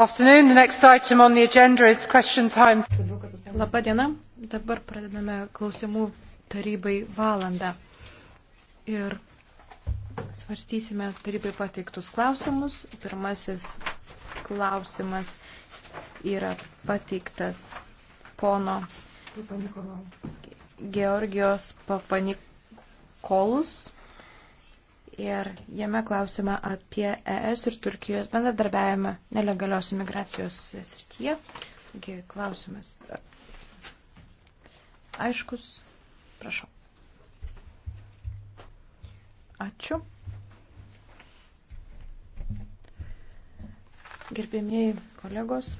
Labą dieną. Dabar pradedame klausimų tarybai valandą. Ir svarstysime tarybai pateiktus klausimus. Pirmasis klausimas yra pateiktas pono Georgijos Papanikolus ir jame klausima apie ES ir Turkijos bendradarbiavimą nelegalios imigracijos srityje. Taigi klausimas. Aiškus, prašau. Ačiū. Gerbėmieji kolegos,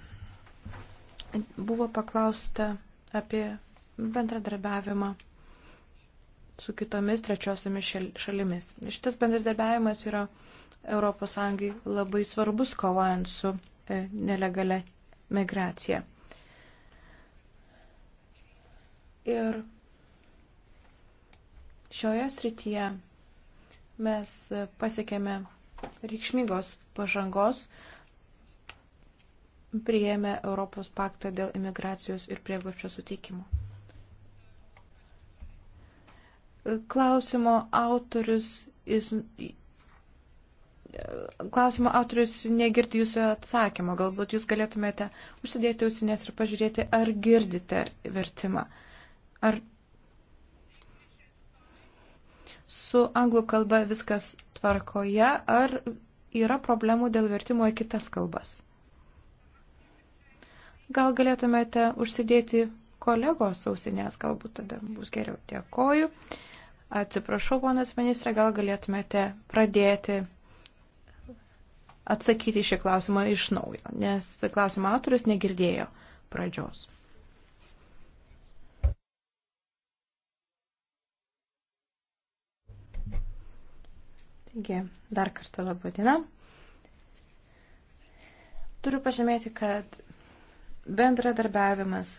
buvo paklausta apie bendradarbiavimą su kitomis trečiosiomis šalimis. Šitas bendradarbiavimas yra ES labai svarbus kovojant su e, nelegale migracija. Ir šioje srityje mes pasiekėme reikšmingos pažangos, priėmė Europos paktą dėl imigracijos ir prieglapščio suteikimo klausimo autorius, jis, klausimo autorius negirdi jūsų atsakymo. Galbūt jūs galėtumėte užsidėti ausinės ir pažiūrėti, ar girdite vertimą. Ar su anglų kalba viskas tvarkoje, ar yra problemų dėl vertimo į kitas kalbas. Gal galėtumėte užsidėti kolegos ausinės, galbūt tada bus geriau. Dėkoju. Atsiprašau, ponas ministrė, gal galėtumėte pradėti atsakyti šį klausimą iš naujo, nes klausimo autorius negirdėjo pradžios. Taigi, dar kartą labą dieną. Turiu pažymėti, kad bendradarbiavimas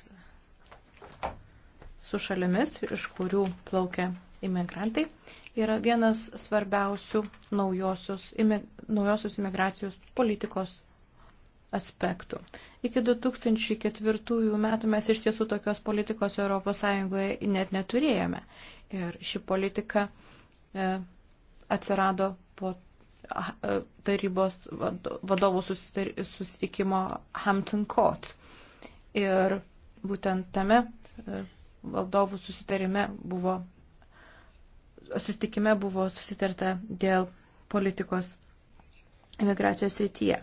su šalimis, iš kurių plaukia imigrantai yra vienas svarbiausių naujosios, imi, naujosios imigracijos politikos aspektų. Iki 2004 metų mes iš tiesų tokios politikos ES net neturėjome. Ir ši politika e, atsirado po e, tarybos vadovų susitikimo Hampton Court. Ir būtent tame e, valdovų susitarime buvo sustikime buvo susitarta dėl politikos imigracijos rytyje.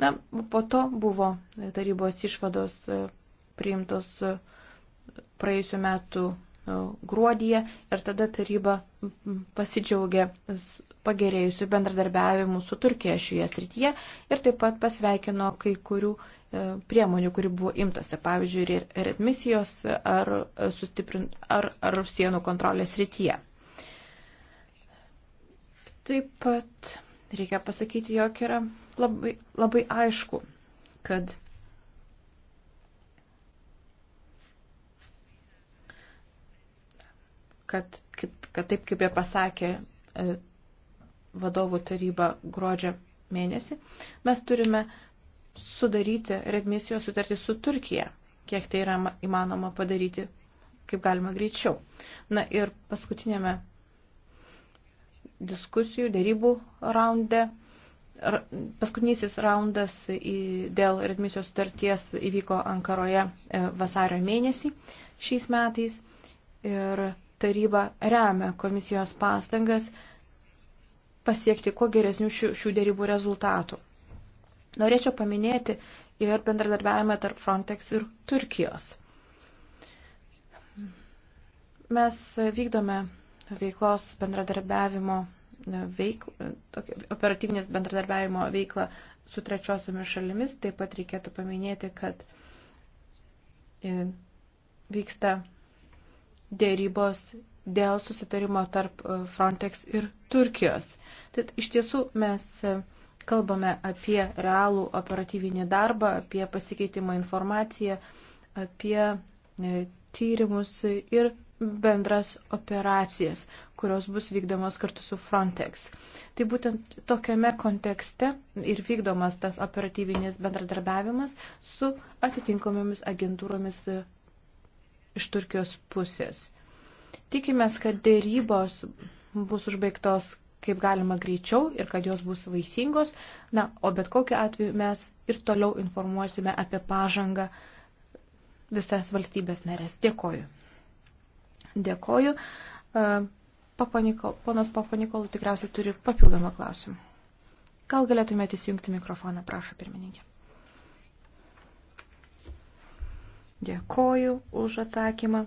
Na, po to buvo tarybos išvados e, priimtos e, praėjusiu metu e, gruodyje ir tada taryba pasidžiaugė pagerėjusių bendradarbiavimų su Turkija šioje srityje ir taip pat pasveikino kai kurių priemonių, kuri buvo imtasi, pavyzdžiui, ir admisijos ar, ar, ar sienų kontrolės srityje. Taip pat reikia pasakyti, jog yra labai, labai aišku, kad kad, kad, kad taip kaip jie pasakė e, vadovų taryba gruodžio mėnesį, mes turime sudaryti redmisijos sutartį su Turkija, kiek tai yra įmanoma padaryti kaip galima greičiau. Na ir paskutinėme diskusijų, dėrybų raunde. Paskutinysis raundas dėl redmisijos sutarties įvyko Ankaroje e, vasario mėnesį šiais metais ir taryba remia komisijos pastangas pasiekti kuo geresnių šių, šių dėrybų rezultatų. Norėčiau paminėti ir bendradarbiavimą tarp Frontex ir Turkijos. Mes vykdome veiklos bendradarbiavimo veiklą, operatyvinės bendradarbiavimo veiklą su trečiosiomis šalimis. Taip pat reikėtų paminėti, kad e, vyksta dėrybos dėl susitarimo tarp e, Frontex ir Turkijos. Tad iš tiesų mes e, kalbame apie realų operatyvinį darbą, apie pasikeitimą informaciją, apie tyrimus ir bendras operacijas, kurios bus vykdomos kartu su Frontex. Tai būtent tokiame kontekste ir vykdomas tas operatyvinis bendradarbiavimas su atitinkomomis agentūromis e, iš Turkijos pusės. Tikimės, kad dėrybos bus užbaigtos kaip galima greičiau ir kad jos bus vaisingos. Na, o bet kokiu atveju mes ir toliau informuosime apie pažangą visas valstybės narės. Dėkoju. Dėkoju. E, papaniko, ponas Papanikolų tikriausiai turi papildomą klausimą. Gal galėtumėte įsijungti mikrofoną, prašau, pirmininkė. Dėkoju už atsakymą.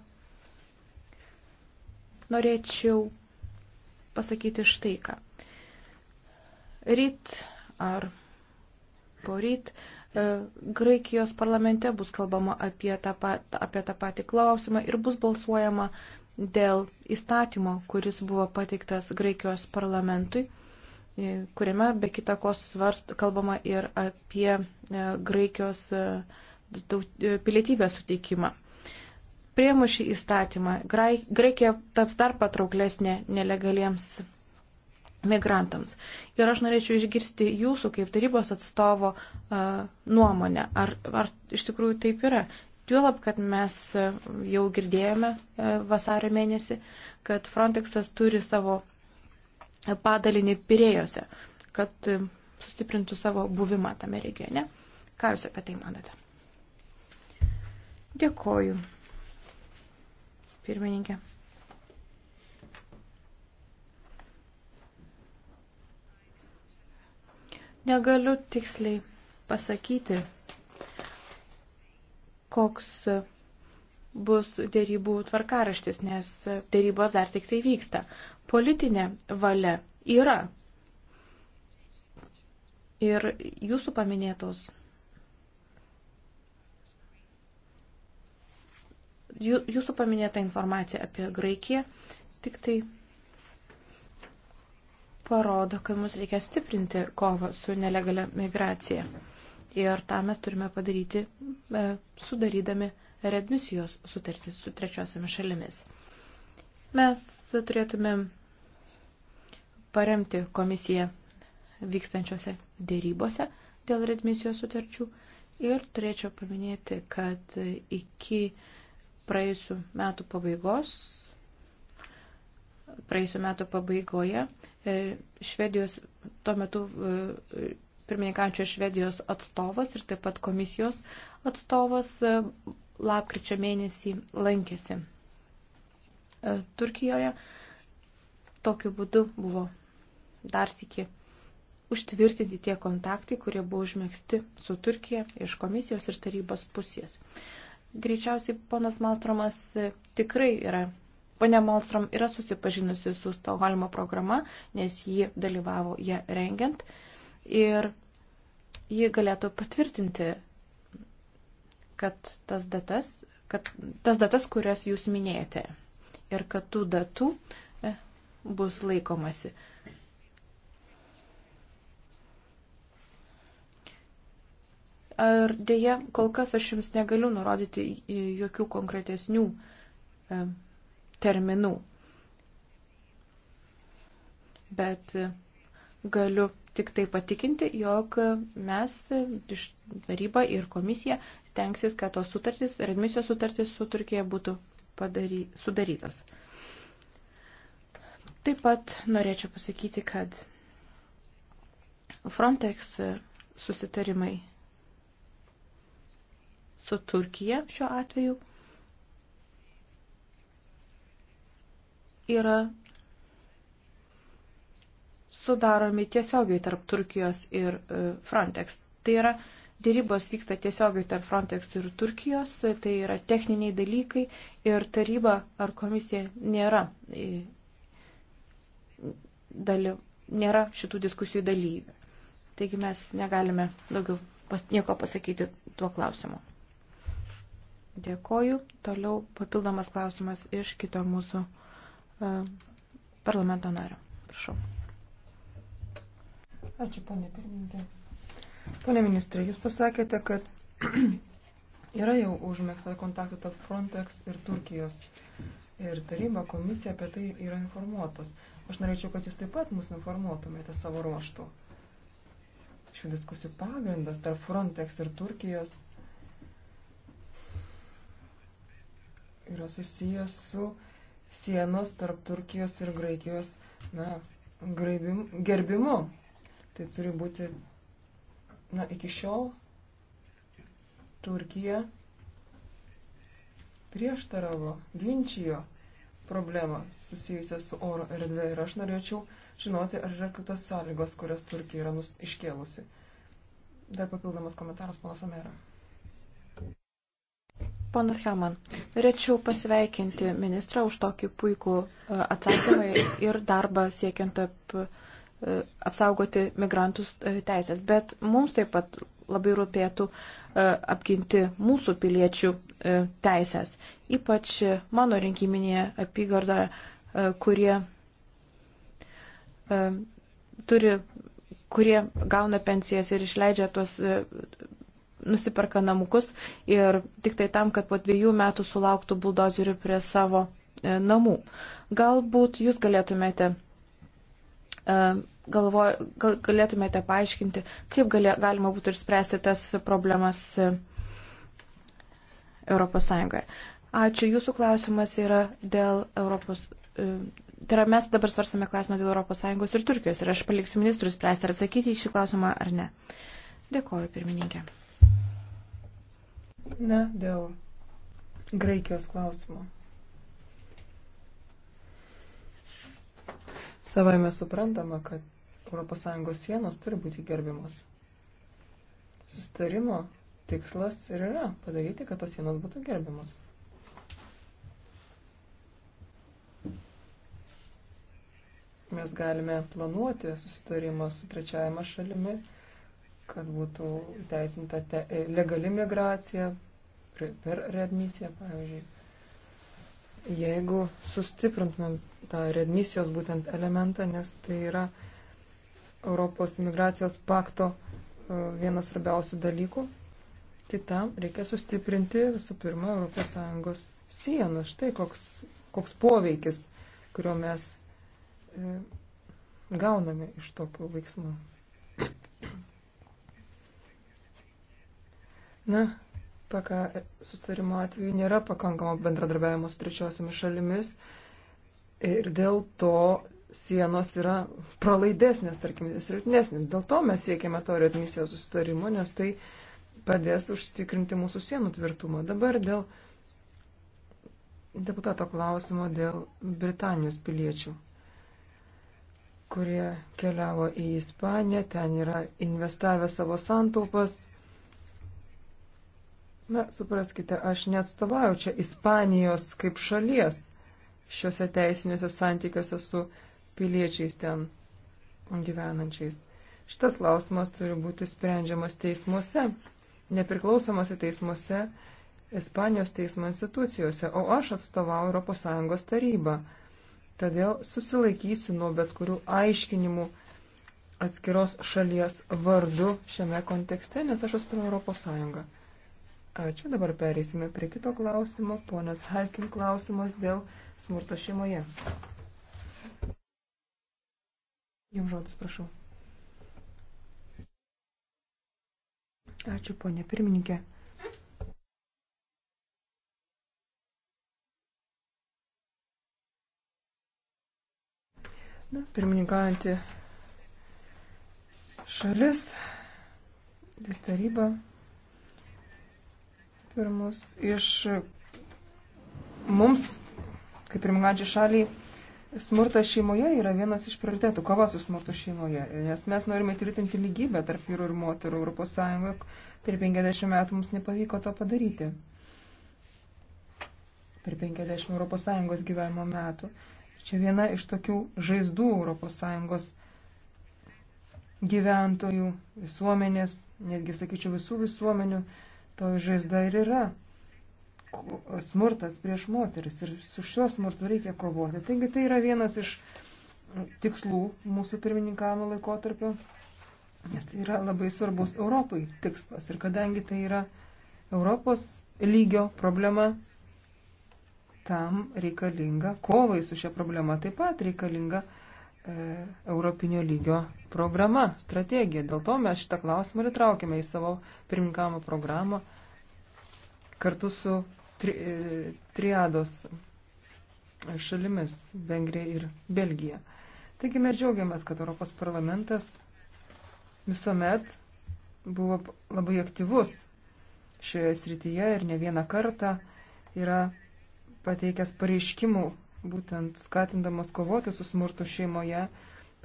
Norėčiau pasakyti štai ką. Ryt ar poryt ryt E, Graikijos parlamente bus kalbama apie tą, pat, apie tą patį klausimą ir bus balsuojama dėl įstatymo, kuris buvo pateiktas Graikijos parlamentui, e, kuriame be kitakos svarst kalbama ir apie e, Graikijos pilietybės suteikimą. Priemušį įstatymą Graikija taps dar patrauklesnė nelegaliems migrantams. Ir aš norėčiau išgirsti jūsų kaip tarybos atstovo uh, nuomonę, ar, ar iš tikrųjų taip yra. Tuolab, kad mes e, jau girdėjome e, vasario mėnesį, kad Frontexas turi savo padalinį Pirėjose, kad sustiprintų savo buvimą tame regione. Ką Jūs apie tai manote? Dėkoju. Pirmininkė. Negaliu tiksliai pasakyti, koks bus dėrybų tvarkaraštis, nes dėrybos dar tik tai vyksta. Politinė valia yra. Ir jūsų paminėtos. Jūsų paminėta informacija apie Graikiją tik tai parodo, kad mums reikia stiprinti kovą su nelegalia migracija. Ir tą mes turime padaryti e, sudarydami redmisijos sutartį su trečiosiamis šalimis. Mes turėtume paremti komisiją vykstančiose dėrybose dėl redmisijos sutarčių ir turėčiau paminėti, kad iki praėjusių metų pabaigos praėjusiu metu pabaigoje e, Švedijos tuo metu e, pirmininkančio Švedijos atstovas ir taip pat komisijos atstovas e, lapkričio mėnesį lankėsi Turkijoje. Tokiu būdu buvo dar sėki užtvirtinti tie kontaktai, kurie buvo užmėgsti su Turkija iš komisijos ir tarybos pusės. Greičiausiai ponas Malstromas tikrai yra Pane Malstrom yra susipažinusi su Stokholmo programa, nes ji dalyvavo ją rengiant ir ji galėtų patvirtinti, kad tas datas, kad tas datas kurias jūs minėjate ir kad tų datų e, bus laikomasi. Ar dėja, kol kas aš jums negaliu nurodyti jokių konkretesnių e, terminų. Bet galiu tik tai patikinti, jog mes, taryba ir komisija, stengsis, kad tos sutartys, redmisijos sutartys su Turkija būtų padary, sudarytos. Taip pat norėčiau pasakyti, kad Frontex susitarimai su Turkija šiuo atveju yra sudaromi tiesiogiai tarp Turkijos ir e, Frontex. Tai yra dėrybos vyksta tiesiogiai tarp Frontex ir Turkijos, tai yra techniniai dalykai ir taryba ar komisija nėra, e, daly, nėra šitų diskusijų dalyvių. Taigi mes negalime daugiau pas, nieko pasakyti tuo klausimu. Dėkoju. Toliau papildomas klausimas iš kito mūsų. E, parlamento nario. Prašau. Ačiū, ponė pirmininkė. Pone ministrė, jūs pasakėte, kad yra jau užmėgsta kontaktų tarp Frontex ir Turkijos. Ir taryba, komisija apie tai yra informuotos. Aš norėčiau, kad jūs taip pat mus informuotumėte savo ruoštų. Šių diskusijų pagrindas tarp Frontex ir Turkijos yra susijęs su sienos tarp Turkijos ir Graikijos na, graibim, gerbimu. Tai turi būti, na, iki šiol Turkija prieštaravo, ginčijo problemą susijusią su oro erdvė ir aš norėčiau žinoti, ar yra kitos sąlygos, kurias Turkija yra nus, iškėlusi. Dar papildomas komentaras, panas Amera. Ponas Haman, norėčiau pasveikinti ministrą už tokį puikų e, atsakymą ir darbą siekiant ap, e, apsaugoti migrantus e, teisės. Bet mums taip pat labai rūpėtų apginti mūsų piliečių teisės, ypač mano rinkiminėje apygardoje, kurie turi kurie gauna pensijas ir išleidžia tuos nusiperka namukus ir tik tai tam, kad po dviejų metų sulauktų buldozerių prie savo e, namų. Galbūt jūs galėtumėte, e, galvo, gal, galėtumėte paaiškinti, kaip galė, galima būtų ir spręsti tas problemas ES. Ačiū, jūsų klausimas yra dėl Europos. E, tai yra mes dabar svarstame klausimą dėl ES ir Turkijos ir aš paliksiu ministrus spręsti, ar atsakyti į šį klausimą ar ne. Dėkoju, pirmininkė. Na, dėl Graikijos klausimų. Savai mes suprantama, kad ES sienos turi būti gerbiamos. Sustarimo tikslas ir yra padaryti, kad tos sienos būtų gerbiamos. Mes galime planuoti susitarimą su trečiajama šalimi kad būtų teisinta te, e, legali migracija per readmisiją, pavyzdžiui. Jeigu sustiprintumėm tą readmisijos būtent elementą, nes tai yra Europos imigracijos pakto e, vienas svarbiausių dalykų, tai tam reikia sustiprinti visų pirma ES sienas. Štai koks, koks poveikis, kurio mes e, gauname iš tokių veiksmų. Na, PK sustarimo atveju nėra pakankamo bendradarbiavimo su trečiosiomis šalimis ir dėl to sienos yra pralaidesnės, tarkim, silpnesnės. Dėl to mes siekiame to readmisijos sustarimo, nes tai padės užtikrinti mūsų sienų tvirtumą. Dabar dėl deputato klausimo dėl Britanijos piliečių, kurie keliavo į Ispaniją, ten yra investavę savo santaupas Na, supraskite, aš neatstovauju čia Ispanijos kaip šalies šiuose teisiniuose santykiuose su piliečiais ten gyvenančiais. Šitas klausimas turi būti sprendžiamas teismuose, nepriklausomose teismuose, Ispanijos teismo institucijose, o aš atstovauju ES tarybą. Todėl susilaikysiu nuo bet kurių aiškinimų atskiros šalies vardu šiame kontekste, nes aš atstovauju ES. Ačiū, dabar pereisime prie kito klausimo, ponios Harkin klausimas dėl smurto šeimoje. Jums žodis, prašau. Ačiū, ponė pirmininkė. Na, pirmininkaujantį šalis ir taryba ir mus iš mums, kaip ir mingančiai šaliai, smurtas šeimoje yra vienas iš prioritetų, kova su smurtu šeimoje, nes mes norime tvirtinti lygybę tarp vyrų ir moterų Europos Sąjungoje, per 50 metų mums nepavyko to padaryti. Per 50 Europos Sąjungos gyvenimo metų. Čia viena iš tokių žaizdų Europos Sąjungos gyventojų, visuomenės, netgi sakyčiau visų visuomenių, uh, to žaizda ir yra smurtas prieš moteris ir su šiuo smurtu reikia kovoti. Taigi tai yra vienas iš tikslų mūsų pirmininkavimo laikotarpio, nes tai yra labai svarbus Europai tikslas ir kadangi tai yra Europos lygio problema, tam reikalinga kovai su šia problema taip pat reikalinga E, Europinio lygio programa, strategija. Dėl to mes šitą klausimą ir traukėme į savo pirmininkamo programą kartu su tri, e, triados šalimis - Vengrija ir Belgija. Taigi mes džiaugiamės, kad Europos parlamentas visuomet buvo labai aktyvus šioje srityje ir ne vieną kartą yra pateikęs pareiškimų būtent skatindamos kovoti su smurtu šeimoje.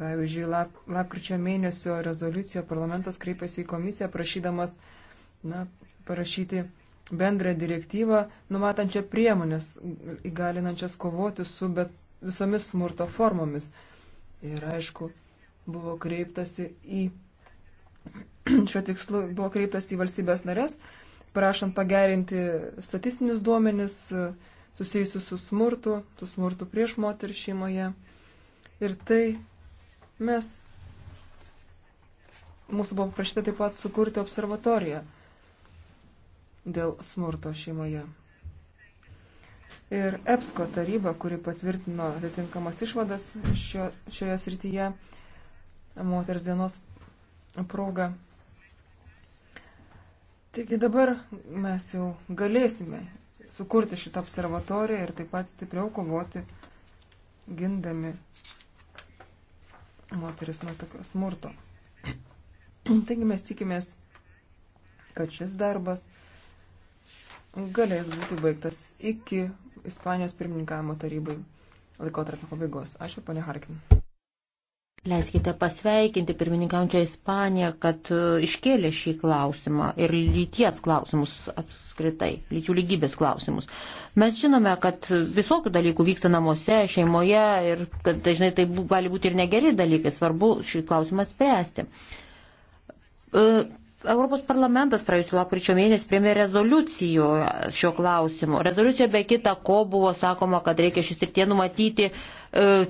Pavyzdžiui, lap, lapkričio mėnesio rezoliucijoje parlamentas kreipėsi į komisiją prašydamas na, parašyti bendrą direktyvą, numatančią priemonės įgalinančias kovoti su bet, visomis smurto formomis. Ir aišku, buvo kreiptasi į šiuo tikslu, buvo kreiptasi į valstybės narės, prašant pagerinti statistinius duomenis, uh, susijusių su smurtu, su smurtu prieš moterį šeimoje. Ir tai mes, mūsų buvo paprašyta taip pat sukurti observatoriją dėl smurto šeimoje. Ir EPSCO taryba, kuri patvirtino atitinkamas išvadas šio, šioje srityje moters dienos proga. Taigi dabar mes jau galėsime sukurti šitą observatoriją ir taip pat stipriau kovoti gindami moteris nuo tokio smurto. Taigi mes tikimės, kad šis darbas galės būti baigtas iki Ispanijos pirmininkavimo tarybai laikotarpio pabaigos. Ačiū, ponė Harkin. Leiskite pasveikinti pirmininkaujančią Ispaniją, kad e, iškėlė šį klausimą ir lyties klausimus apskritai, lyčių lygybės klausimus. Mes žinome, kad visokių dalykų vyksta namuose, šeimoje ir kad dažnai tai gali būti ir negeri dalykai, svarbu šį klausimą spręsti. E, Europos parlamentas praėjusiu lapkričio mėnesį priėmė rezoliucijų šio klausimu. Rezoliucijoje be kita ko buvo sakoma, kad reikia šis ir tie numatyti e,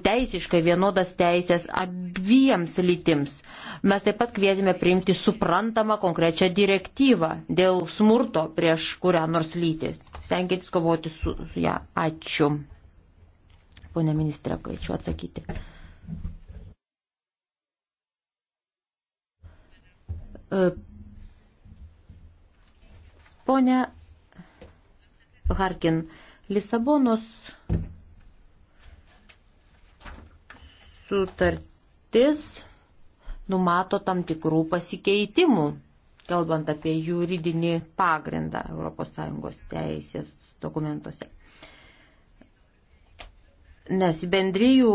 teisiškai vienodas teisės abiems lytims. Mes taip pat kvietėme priimti suprantamą konkrečią direktyvą dėl smurto prieš kurią nors lytį. Stenkitės kovoti su ją. Ja, ačiū. Pone ministrė, kviečiu atsakyti. E, Pone Harkin, Lisabonos sutartis numato tam tikrų pasikeitimų, kalbant apie juridinį pagrindą ES teisės dokumentuose. Nes bendryjų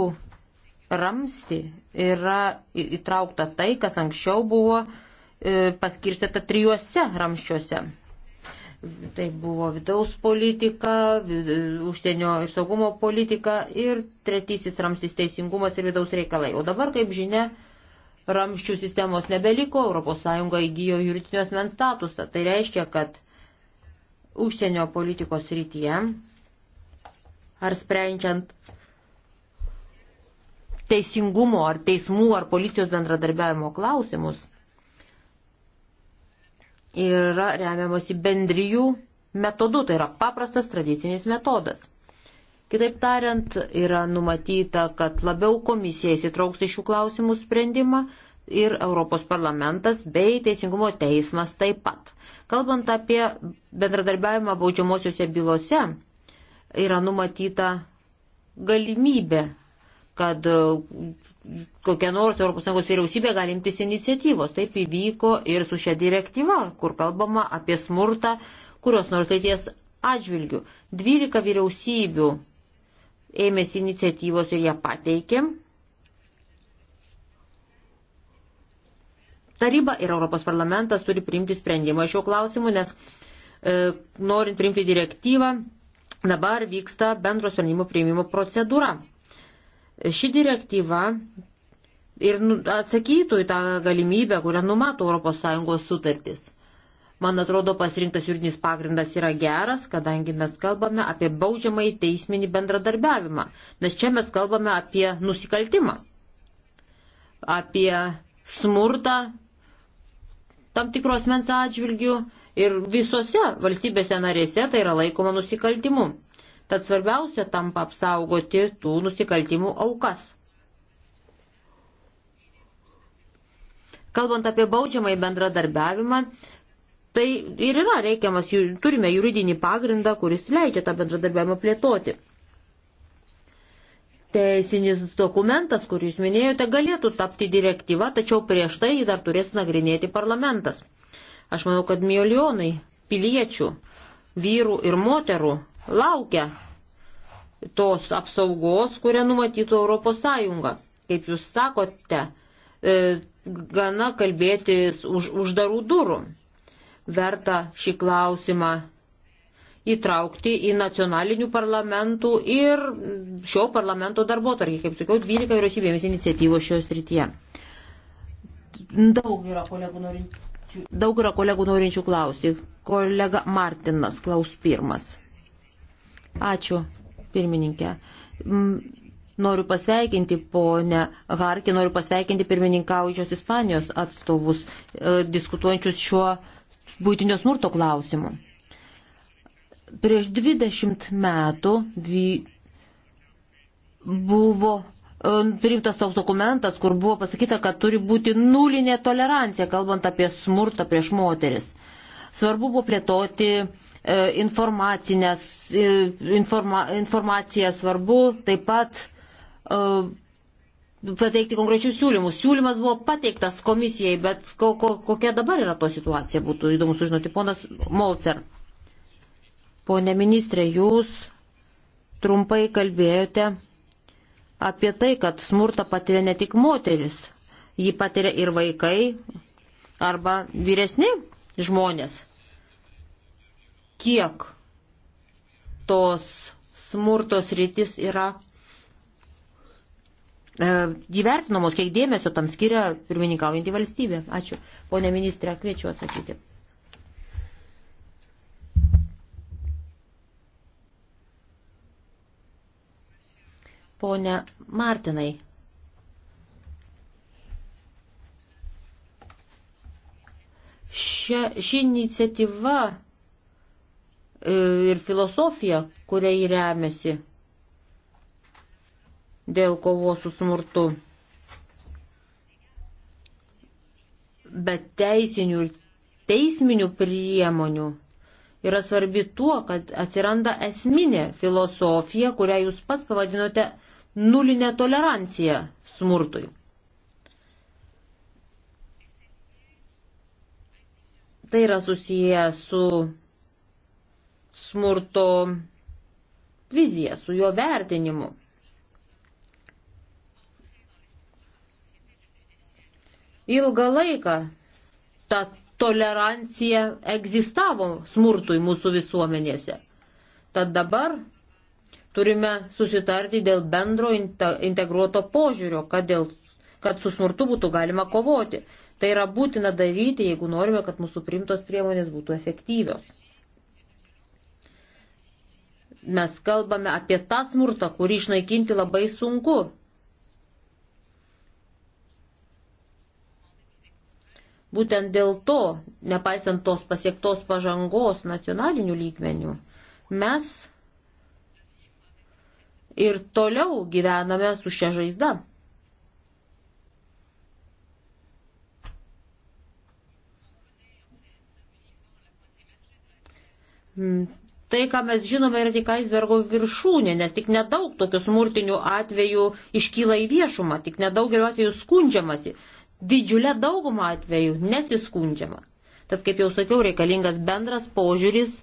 ramsti yra įtraukta tai, kas anksčiau buvo e, paskirstyta trijuose ramščiuose Tai buvo vidaus politika, užsienio ir saugumo politika ir tretysis ramstis teisingumas ir vidaus reikalai. O dabar, kaip žinia, ramščių sistemos nebeliko, ES įgyjo juridinio asmens statusą. Tai reiškia, kad užsienio politikos rytyje ar sprendžiant teisingumo ar teismų ar policijos bendradarbiavimo klausimus yra remiamosi bendrijų metodu, tai yra paprastas tradicinis metodas. Kitaip tariant, yra numatyta, kad labiau komisija įsitrauks į šių klausimų sprendimą ir Europos parlamentas bei Teisingumo teismas taip pat. Kalbant apie bendradarbiavimą baudžiamosiuose bylose, yra numatyta galimybė kad e, kokia nors ES vyriausybė gali imtis iniciatyvos. Taip įvyko ir su šia direktyva, kur kalbama apie smurtą kurios nors ateities atžvilgių. 12 vyriausybių ėmėsi iniciatyvos ir ją pateikė. Taryba ir Europos parlamentas turi priimti sprendimą šiuo klausimu, nes e, norint priimti direktyvą, dabar vyksta bendro sprendimo priimimo procedūra ši direktyva ir nu, atsakytų į tą galimybę, kurią numato ES sutartis. Man atrodo, pasirinktas juridinis pagrindas yra geras, kadangi mes kalbame apie baudžiamąjį teisminį bendradarbiavimą, nes čia mes kalbame apie nusikaltimą, apie smurtą tam tikros mens atžvilgių ir visose valstybėse narėse tai yra laikoma nusikaltimu. Tad svarbiausia tampa apsaugoti tų nusikaltimų aukas. Kalbant apie baudžiamąjį bendradarbiavimą, tai ir yra reikiamas, turime juridinį pagrindą, kuris leidžia tą bendradarbiavimą plėtoti. Teisinis dokumentas, kurį jūs minėjote, galėtų tapti direktyva, tačiau prieš tai jį dar turės nagrinėti parlamentas. Aš manau, kad milijonai piliečių, vyrų ir moterų laukia tos apsaugos, kurią numatytų ES. Kaip jūs sakote, e, gana kalbėtis už uždarų durų. Verta šį klausimą įtraukti į nacionalinių parlamentų ir šio parlamento darbo tarkį, kaip sakiau, 12 vyriausybėmis iniciatyvos šios rytyje. Daug yra kolegų norinčių, daug yra kolegų norinčių klausyti. Kolega Martinas klaus pirmas. Ačiū, pirmininkė. Noriu pasveikinti ponę Harkį, noriu pasveikinti pirmininkaujančios Ispanijos atstovus, e, diskutuojančius šiuo būtinio smurto klausimu. Prieš 20 metų vy, buvo e, priimtas toks dokumentas, kur buvo pasakyta, kad turi būti nulinė tolerancija, kalbant apie smurtą prieš moteris. Svarbu buvo plėtoti E, e, informa, informaciją svarbu taip pat e, pateikti konkrečių siūlymų. Siūlymas buvo pateiktas komisijai, bet ko, ko, kokia dabar yra to situacija, būtų įdomu sužinoti. Ponas Molcer, ponė ministrė, jūs trumpai kalbėjote apie tai, kad smurtą patiria ne tik moteris, jį patiria ir vaikai arba vyresni žmonės kiek tos smurtos rytis yra e, įvertinamos, kiek dėmesio tam skiria pirmininkaujantį valstybę. Ačiū. Pone ministrė, kviečiu atsakyti. Pone Martinai. Šia, ši iniciatyva ir filosofija, kuria jį remiasi dėl kovos su smurtu. Bet teisinių ir teisminių priemonių yra svarbi tuo, kad atsiranda esminė filosofija, kurią jūs pats pavadinote nulinė tolerancija smurtui. Tai yra susiję su smurto viziją, su jo vertinimu. Ilgą laiką ta tolerancija egzistavo smurtui mūsų visuomenėse. Tad dabar turime susitarti dėl bendro integruoto požiūrio, kad, dėl, kad su smurtu būtų galima kovoti. Tai yra būtina daryti, jeigu norime, kad mūsų primtos priemonės būtų efektyvios. Mes kalbame apie tą smurtą, kurį išnaikinti labai sunku. Būtent dėl to, nepaisant tos pasiektos pažangos nacionalinių lygmenių, mes ir toliau gyvename su šia žaizda tai, ką mes žinome, yra tik aisbergo viršūnė, nes tik nedaug tokių smurtinių atvejų iškyla į viešumą, tik nedaugeliu atveju skundžiamasi. Didžiulė dauguma atvejų nesiskundžiama. Tad, kaip jau sakiau, reikalingas bendras požiūris,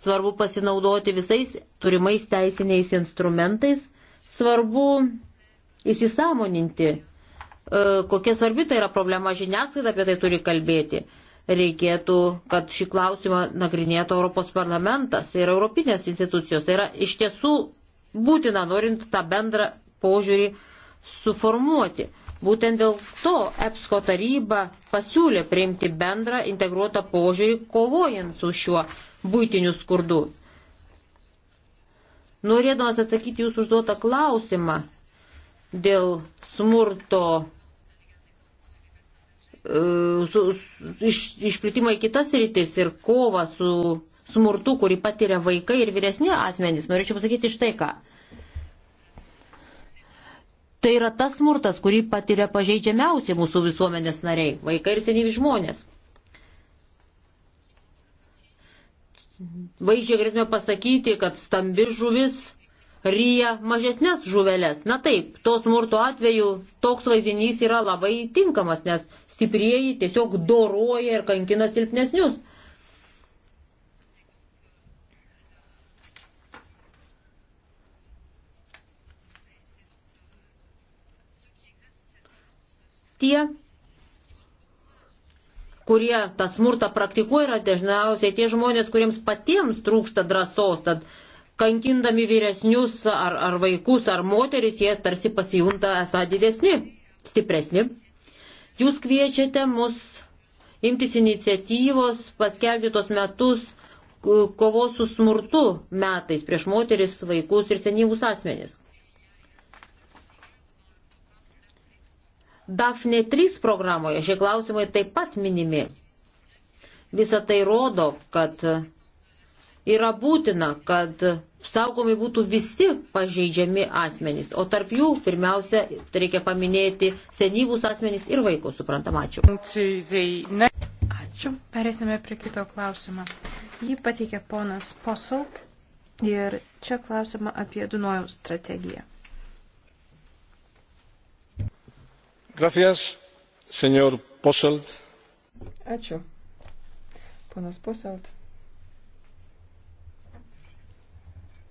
svarbu pasinaudoti visais turimais teisiniais instrumentais, svarbu įsisamoninti, e, kokia svarbi tai yra problema žiniasklaida, apie tai turi kalbėti reikėtų, kad šį klausimą nagrinėtų Europos parlamentas ir Europinės institucijos. Tai yra iš tiesų būtina, norint tą bendrą požiūrį suformuoti. Būtent dėl to EPSCO taryba pasiūlė priimti bendrą integruotą požiūrį kovojant su šiuo būtiniu skurdu. Norėdamas atsakyti jūsų užduotą klausimą dėl smurto E, su, iš, išplitimą į kitas rytis ir kovą su smurtu, kurį patiria vaikai ir vyresni asmenys, norėčiau pasakyti štai ką. Tai yra tas smurtas, kurį patiria pažeidžiamiausi mūsų visuomenės nariai - vaikai ir senyvi žmonės. Vaizdžiai galėtume pasakyti, kad stambi žuvis ryja mažesnės žuvelės. Na taip, to smurto atveju toks vaizdinys yra labai tinkamas, nes stiprieji tiesiog doroja ir kankina silpnesnius. Tie, kurie tą smurtą praktikuoja, yra dažniausiai tie žmonės, kuriems patiems trūksta drąsos, tad kankindami vyresnius ar, ar vaikus ar moteris, jie tarsi pasijunta esą didesni, stipresni. Jūs kviečiate mus imtis iniciatyvos paskelbti tos metus kovos su smurtu metais prieš moteris, vaikus ir senyvus asmenis. DAFNE 3 programoje šie klausimai taip pat minimi. Visą tai rodo, kad yra būtina, kad saugomi būtų visi pažeidžiami asmenys, o tarp jų pirmiausia reikia paminėti senyvus asmenys ir vaikus, suprantama, ačiū. Ačiū, perėsime prie kito klausimo. Jį pateikė ponas Posolt ir čia klausimą apie Dunojaus strategiją. Gracias, senor Posolt. Ačiū, ponas Posolt.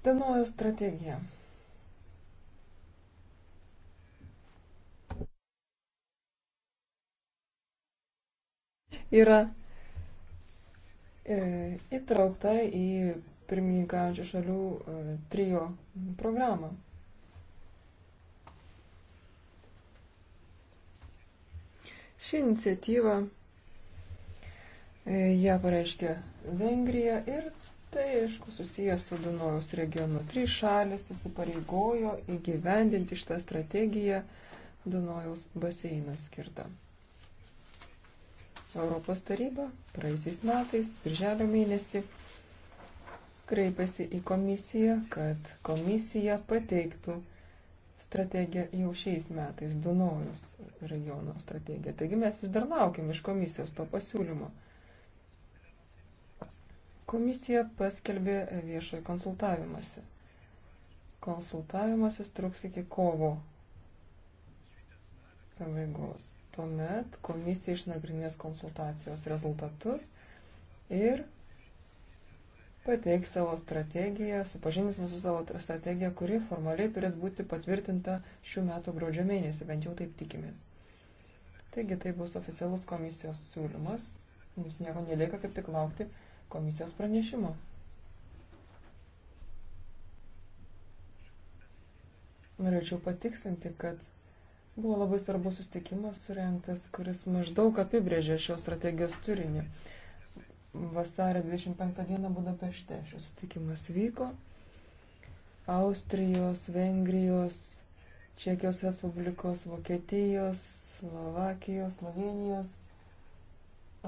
Danojų strategija. Yra e, įtraukta į pirmininkaujančių šalių e, trijo programą. Ši iniciatyva e, ją pareiškė Vengrija ir Tai, aišku, susijęs su Dunojaus regionu. Trys šalis įsipareigojo įgyvendinti šitą strategiją Dunojaus baseino skirtą. Europos taryba praėjusiais metais, birželio mėnesį, kreipėsi į komisiją, kad komisija pateiktų strategiją jau šiais metais, Dunojus regiono strategiją. Taigi mes vis dar laukiam iš komisijos to pasiūlymo. Komisija paskelbė viešojo konsultavimąsi. Konsultavimasis truks iki kovo pabaigos. Tuomet komisija išnagrinės konsultacijos rezultatus ir pateiks savo strategiją, supažindins mūsų savo strategiją, kuri formaliai turės būti patvirtinta šių metų gruodžio mėnesį, bent jau taip tikimės. Taigi tai bus oficialus komisijos siūlymas, mums nieko nelieka kaip tik laukti komisijos pranešimu. Norėčiau patikslinti, kad buvo labai svarbus sustikimas surinktas, kuris maždaug apibrėžė šios strategijos turinį. Vasario 25 dieną Budapešte šis sustikimas vyko. Austrijos, Vengrijos, Čekijos Respublikos, Vokietijos, Slovakijos, Slovenijos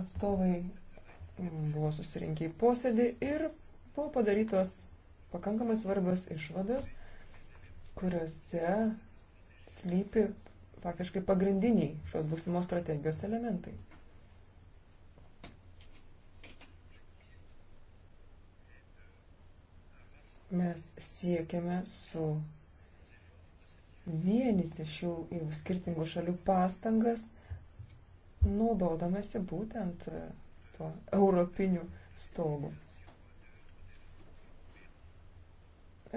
atstovai buvo susirinkę į posėdį ir buvo padarytos pakankamai svarbios išvados, kuriuose slypi faktiškai pagrindiniai šios būsimos strategijos elementai. Mes siekiame su vienyti šių skirtingų šalių pastangas, naudodamasi būtent tuo europiniu stogu.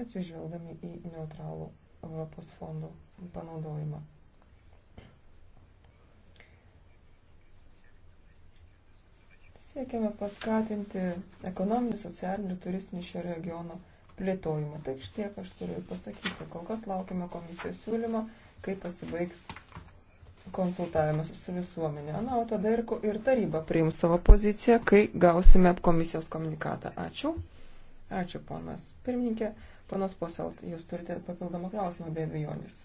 Atsižvelgdami į neutralų Europos fondų panaudojimą. Siekiame paskatinti ekonominį, socialinį, turistinį šio regiono plėtojimą. Tai tiek aš turiu pasakyti. Kol kas laukime komisijos siūlymo, kai pasibaigs konsultavimas su visuomenė. Na, o tada ir, ir taryba priims savo poziciją, kai gausime komisijos komunikatą. Ačiū. Ačiū, ponas pirmininkė. Ponas Poselt, jūs turite papildomą klausimą be abejonės.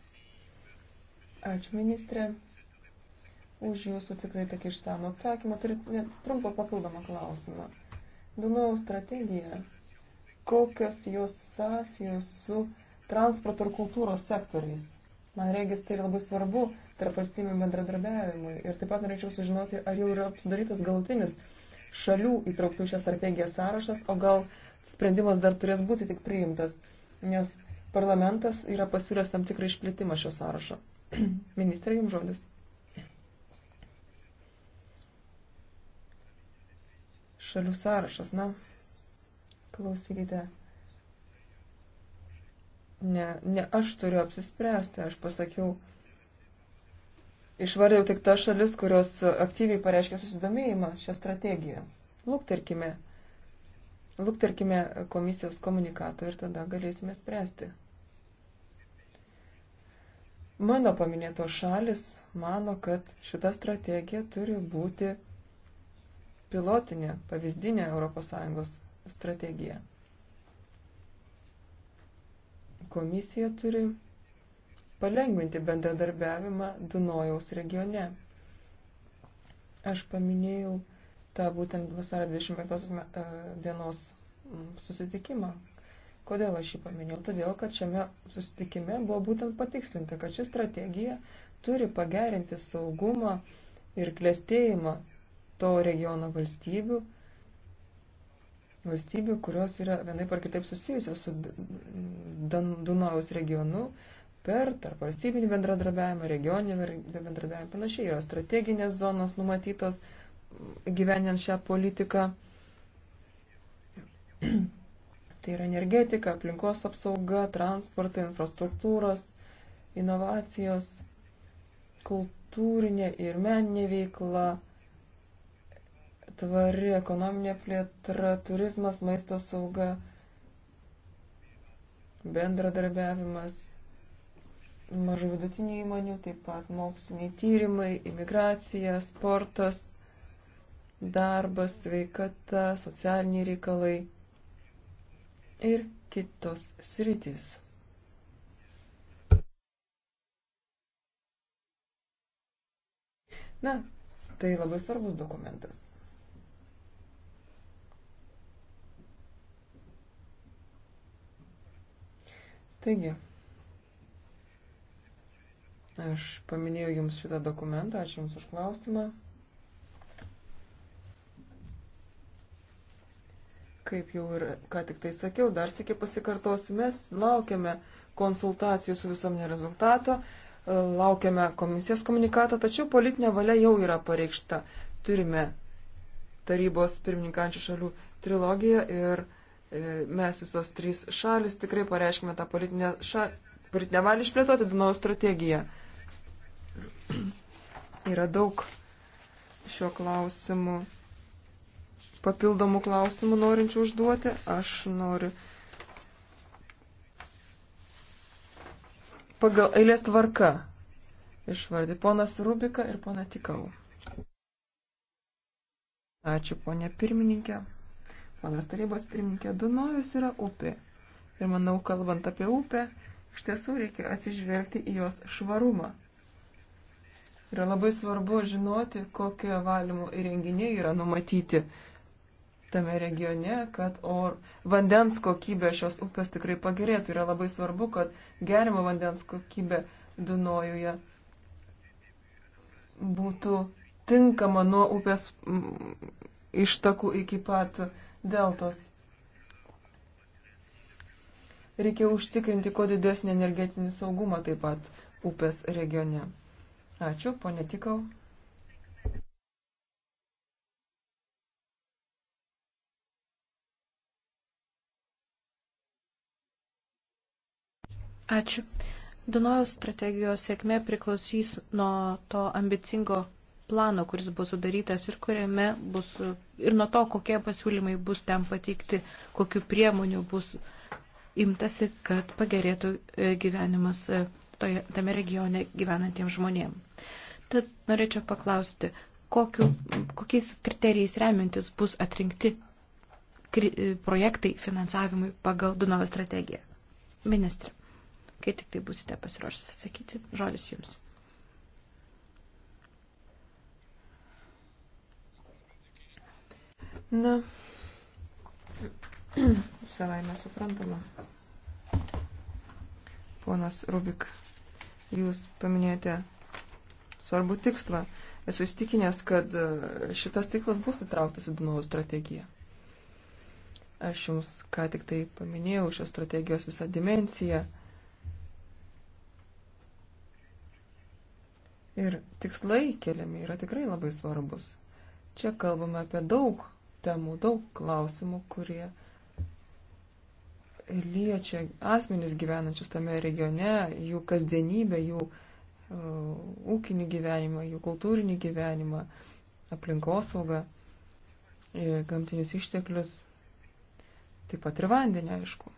Ačiū, ministrė, už jūsų tikrai tokį išsamų atsakymą. Turite trumpą papildomą klausimą. Dunojau strategija. Kokios jos sąsijos su transporto ir kultūros sektoriais? Man regis tai labai svarbu, tarp valstybių bendradarbiavimui. Ir taip pat norėčiau sužinoti, ar jau yra sudarytas galutinis šalių įtrauktų šią strategiją sąrašas, o gal sprendimas dar turės būti tik priimtas, nes parlamentas yra pasiūlęs tam tikrą išplėtimą šio sąrašo. Ministrė, jums žodis. Šalių sąrašas, na, klausykite. Ne, ne aš turiu apsispręsti, aš pasakiau išvardėjau tik tas šalis, kurios aktyviai pareiškia susidomėjimą šią strategiją. Lūktarkime. Lūktarkime komisijos komunikato ir tada galėsime spręsti. Mano paminėtos šalis mano, kad šita strategija turi būti pilotinė, pavyzdinė ES strategija. Komisija turi palengvinti bendradarbiavimą Dunojaus regione. Aš paminėjau tą būtent vasario 25 e, dienos susitikimą. Kodėl aš jį paminėjau? Todėl, kad šiame susitikime buvo būtent patikslinta, kad ši strategija turi pagerinti saugumą ir klėstėjimą to regiono valstybių, valstybių, kurios yra vienaip ar kitaip susijusios su Dunojaus regionu, per tarp valstybinį bendradarbiavimą, regioninį bendradarbiavimą, panašiai yra strateginės zonos numatytos gyvenant šią politiką. Tai yra energetika, aplinkos apsauga, transportai, infrastruktūros, inovacijos, kultūrinė ir meninė veikla, tvari ekonominė plėtra, turizmas, maisto sauga, bendradarbiavimas, mažų vidutinių įmonių, taip pat moksliniai tyrimai, imigracija, sportas, darbas, sveikata, socialiniai reikalai ir kitos sritys. Na, tai labai svarbus dokumentas. Taigi, Aš paminėjau Jums šitą dokumentą, ačiū Jums už klausimą. Kaip jau ir ką tik tai sakiau, dar sėkiai pasikartosiu, mes laukiame konsultacijų su visuomenė rezultato, laukiame komisijos komunikatą, tačiau politinė valia jau yra pareikšta. Turime tarybos pirmininkančių šalių trilogiją ir e, mes visos trys šalis tikrai pareiškime tą politinę, ša, politinę valį išplėtoti Dunojaus strategiją. Yra daug šiuo klausimu, papildomų klausimų norinčių užduoti. Aš noriu pagal eilės tvarka išvardį ponas Rubika ir pona Tikau. Ačiū ponė pirmininkė. Panas tarybos pirmininkė Dunojus yra upė. Ir manau, kalbant apie upę, iš tiesų reikia atsižvelgti į jos švarumą. Yra labai svarbu žinoti, kokie valymo įrenginiai yra numatyti tame regione, kad or, vandens kokybė šios upės tikrai pagerėtų. Yra labai svarbu, kad gerimo vandens kokybė Dunojuje būtų tinkama nuo upės ištakų iki pat deltos. Reikia užtikrinti kuo didesnį energetinį saugumą taip pat upės regione. Ačiū, ponė Tikau. Ačiū. Dunojaus strategijos sėkmė priklausys nuo to ambicingo plano, kuris bus sudarytas ir kuriame bus ir nuo to, kokie pasiūlymai bus ten pateikti, kokiu priemoniu bus imtasi, kad pagerėtų e, gyvenimas e, toje, tame regione gyvenantiems žmonėms. Tad norėčiau paklausti, kokiu, kokiais kriterijais remiantis bus atrinkti kri, e, projektai finansavimui pagal Dunovo strategiją. Ministrė, kai tik tai busite pasiruošęs atsakyti, žodis jums. Na, savai mes suprantama. Ponas Rubik Jūs paminėjote svarbų tikslą. Esu įstikinęs, kad e, šitas tikslas bus įtrauktas į Dunojų strategiją. Aš jums ką tik tai paminėjau šios strategijos visą dimenciją. Ir tikslai keliami yra tikrai labai svarbus. Čia kalbame apie daug temų, daug klausimų, kurie liečia asmenys gyvenančius tame regione, jų kasdienybę, jų uh, ūkinį gyvenimą, jų kultūrinį gyvenimą, aplinkosaugą, gamtinius išteklius, taip pat ir vandenį, aišku.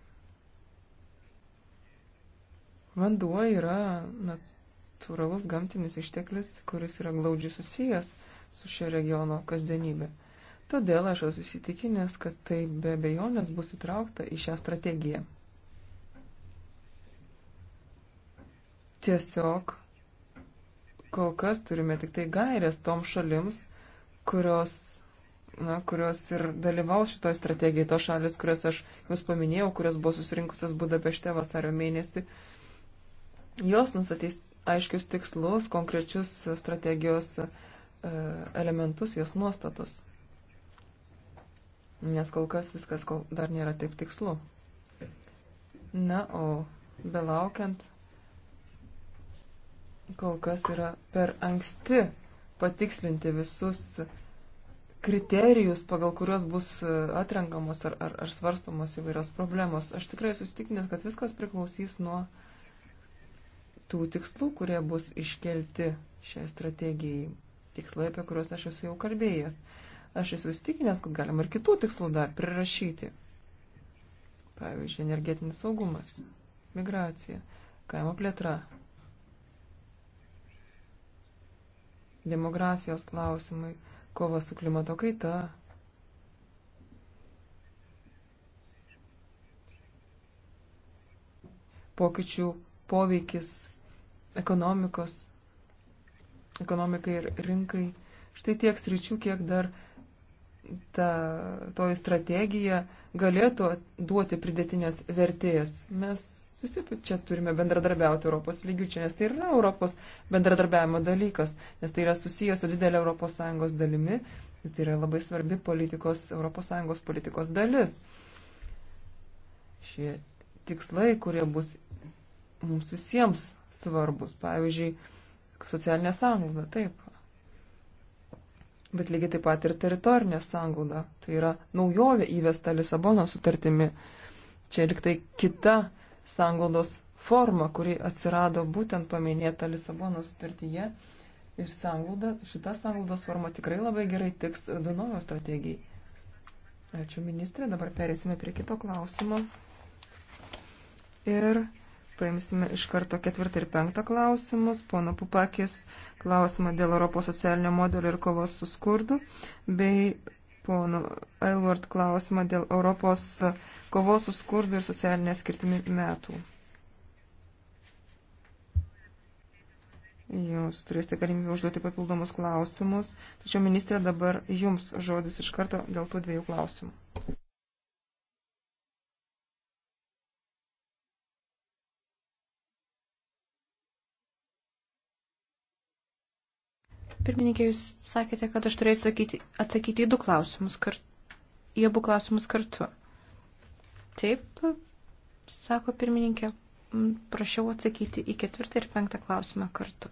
Vanduo yra natūralus gamtinis išteklis, kuris yra glaudžiai susijęs su šio regiono kasdienybė. Todėl aš esu įsitikinęs, kad tai be bejonės bus įtraukta į šią strategiją. Tiesiog kol kas turime tik tai gairės tom šalims, kurios, na, kurios ir dalyvaus šitoje strategijoje, tos šalis, kurias aš jūs paminėjau, kurias buvo susirinkusios Budapešte vasario mėnesį. Jos nustatys aiškius tikslus, konkrečius strategijos e, elementus, jos nuostatus nes kol kas viskas kol dar nėra taip tikslu. Na, o belaukiant, kol kas yra per anksti patikslinti visus kriterijus, pagal kuriuos bus atrenkamos ar, ar, ar svarstomos įvairios problemos. Aš tikrai susitikinęs, kad viskas priklausys nuo tų tikslų, kurie bus iškelti šiai strategijai. Tikslai, apie kuriuos aš esu jau kalbėjęs. Aš esu įstikinęs, kad galima ir kitų tikslų dar prirašyti. Pavyzdžiui, energetinis saugumas, migracija, kaimo plėtra, demografijos klausimai, kova su klimato kaita. Pokyčių poveikis ekonomikos, ekonomikai ir rinkai. Štai tiek sričių, kiek dar ta, toji strategija galėtų duoti pridėtinės vertės. Mes visi čia turime bendradarbiauti Europos lygių, čia, nes tai yra Europos bendradarbiavimo dalykas, nes tai yra susijęs su didelė ES dalimi, tai yra labai svarbi politikos, ES politikos dalis. Šie tikslai, kurie bus mums visiems svarbus, pavyzdžiui, socialinė sąnglauda, taip, bet lygiai taip pat ir teritorinė sanglauda. Tai yra naujovė įvesta Lisabono sutartimi. Čia liktai kita sanglaudos forma, kuri atsirado būtent paminėta Lisabono sutartyje. Ir sanglauda, šita sanglaudos forma tikrai labai gerai tiks Dunojo strategijai. Ačiū ministrė, dabar perėsime prie kito klausimo. Ir Paimsime iš karto ketvirtą ir penktą klausimus. Pono Pupakis klausimą dėl Europos socialinio modelio ir kovos su skurdu, bei pono Elward klausimą dėl Europos kovos su skurdu ir socialinė skirtimi metų. Jūs turėsite galimybę užduoti papildomus klausimus, tačiau ministrė dabar jums žodis iš karto dėl tų dviejų klausimų. Pirmininkė, jūs sakėte, kad aš turėjau sakyti, atsakyti į du klausimus kartu. Į abu klausimus kartu. Taip, sako pirmininkė, prašiau atsakyti į ketvirtą ir penktą klausimą kartu.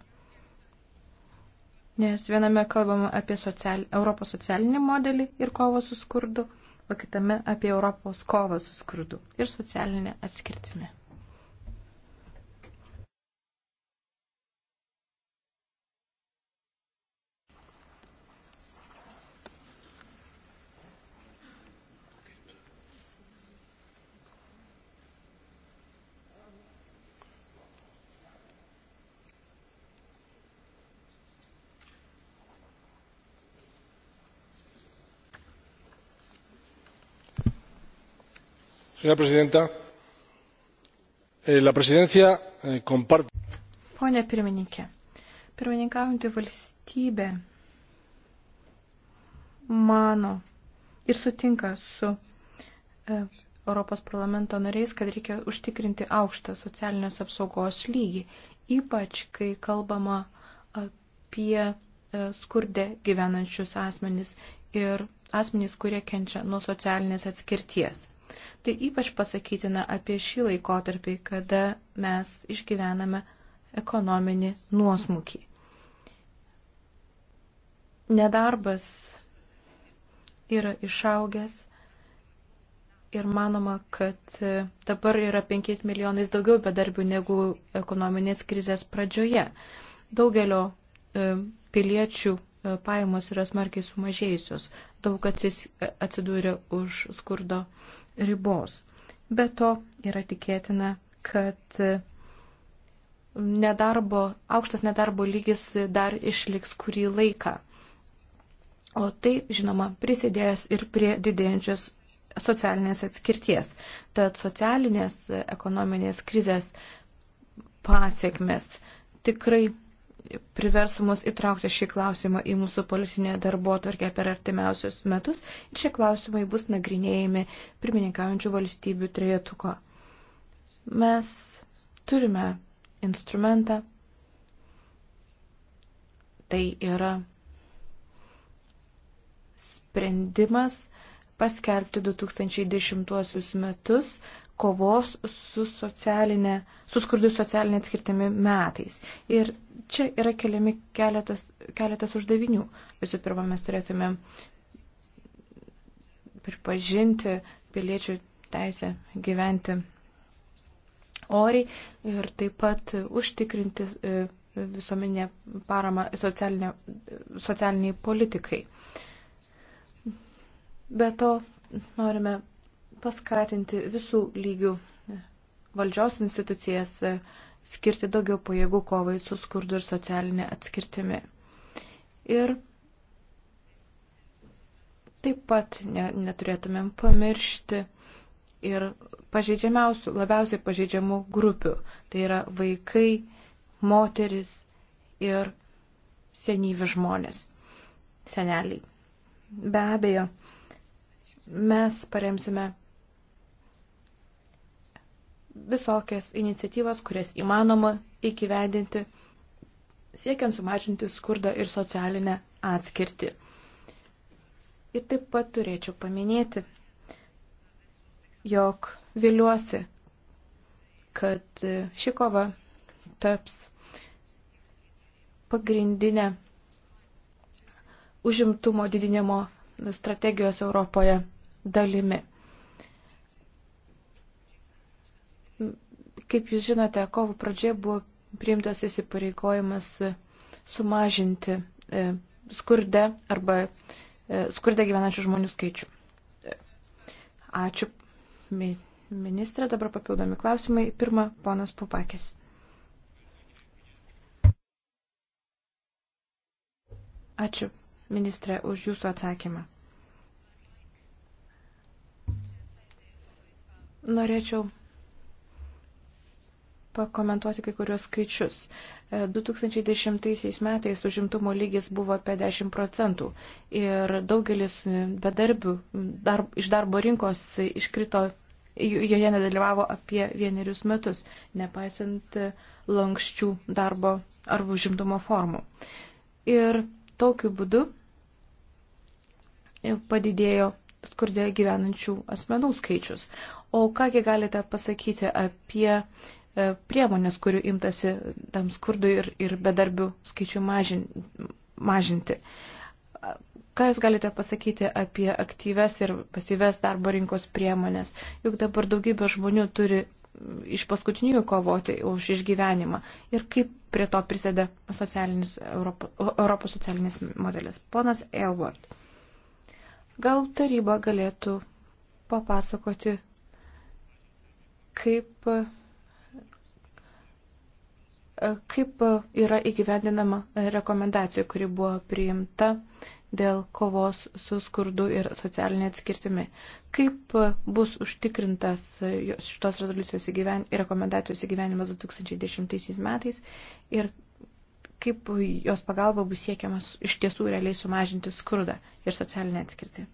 Nes viename kalbama apie social, Europos socialinį modelį ir kovą su skurdu, o kitame apie Europos kovą su skurdu ir socialinę atskirtimį. señora presidenta eh, la presidencia eh, comparte. pone pirmininke pirmininkaujanti valstybė mano ir sutinka su e, Europos parlamento nariais, kad reikia užtikrinti aukštą socialinės apsaugos lygį, ypač kai kalbama apie e, skurdė gyvenančius asmenys ir asmenys, kurie kenčia nuo socialinės atskirties. Tai ypač pasakytina apie šį laikotarpį, kada mes išgyvename ekonominį nuosmukį. Nedarbas yra išaugęs ir manoma, kad dabar yra 5 milijonais daugiau bedarbių negu ekonominės krizės pradžioje. Daugelio e, piliečių E, pajamos yra smarkiai sumažėjusios, daug e, atsidūrė už skurdo ribos. Be to yra tikėtina, kad e, nedarbo, aukštas nedarbo lygis dar išliks kurį laiką. O tai, žinoma, prisidėjęs ir prie didėjančios socialinės atskirties. Tad socialinės ekonominės krizės pasiekmes tikrai privers mus įtraukti šį klausimą į mūsų politinę darbo tvarkę per artimiausius metus ir šie klausimai bus nagrinėjami pirmininkaujančių valstybių trejetuko. Mes turime instrumentą. Tai yra sprendimas paskelbti 2010 metus kovos su, su skurdu socialinė atskirtimi metais. Ir čia yra keliami keletas, keletas uždavinių. Visų pirma, mes turėtume pripažinti piliečių teisę gyventi oriai ir taip pat užtikrinti e, visuomenė parama socialinė, socialiniai politikai. Be to norime paskatinti visų lygių valdžios institucijas skirti daugiau pajėgų kovai su skurdu ir socialinė atskirtimi. Ir taip pat ne, neturėtumėm pamiršti ir pažeidžiamiausių, labiausiai pažeidžiamų grupių. Tai yra vaikai, moteris ir senyvi žmonės, seneliai. Be abejo, mes paremsime visokias iniciatyvas, kurias įmanoma įgyvendinti, siekiant sumažinti skurdą ir socialinę atskirtį. Ir taip pat turėčiau paminėti, jog viliuosi, kad ši kova taps pagrindinė užimtumo didinimo strategijos Europoje dalimi. Kaip jūs žinote, kovo pradžioje buvo priimtas įsipareigojimas sumažinti e, skurdę arba e, skurdę gyvenančių žmonių skaičių. Ačiū, ministrė. Dabar papildomi klausimai. Pirma, ponas Pupakis. Ačiū, ministrė, už jūsų atsakymą. Norėčiau pakomentuoti kai kurios skaičius. 2010 e, metais užimtumo lygis buvo apie 10 procentų ir daugelis e, bedarbių darb, iš darbo rinkos iškrito, joje nedalyvavo apie vienerius metus, nepaisant e, lankščių darbo ar užimtumo formų. Ir tokiu būdu padidėjo skurdė gyvenančių asmenų skaičius. O kągi galite pasakyti apie E, priemonės, kurių imtasi tam skurdui ir, ir bedarbių skaičių mažin, mažinti. Ką Jūs galite pasakyti apie aktyves ir pasyves darbo rinkos priemonės? Juk dabar daugybė žmonių turi iš paskutinių kovoti už išgyvenimą. Ir kaip prie to prisideda socialinis Europo, Europos socialinis modelis? Ponas Elward. Gal taryba galėtų papasakoti, kaip kaip yra įgyvendinama rekomendacija, kuri buvo priimta dėl kovos su skurdu ir socialinė atskirtimi. Kaip bus užtikrintas šitos rezoliucijos įgyven, rekomendacijos įgyvenimas 2010 metais ir kaip jos pagalba bus siekiamas iš tiesų realiai sumažinti skurdą ir socialinę atskirtį.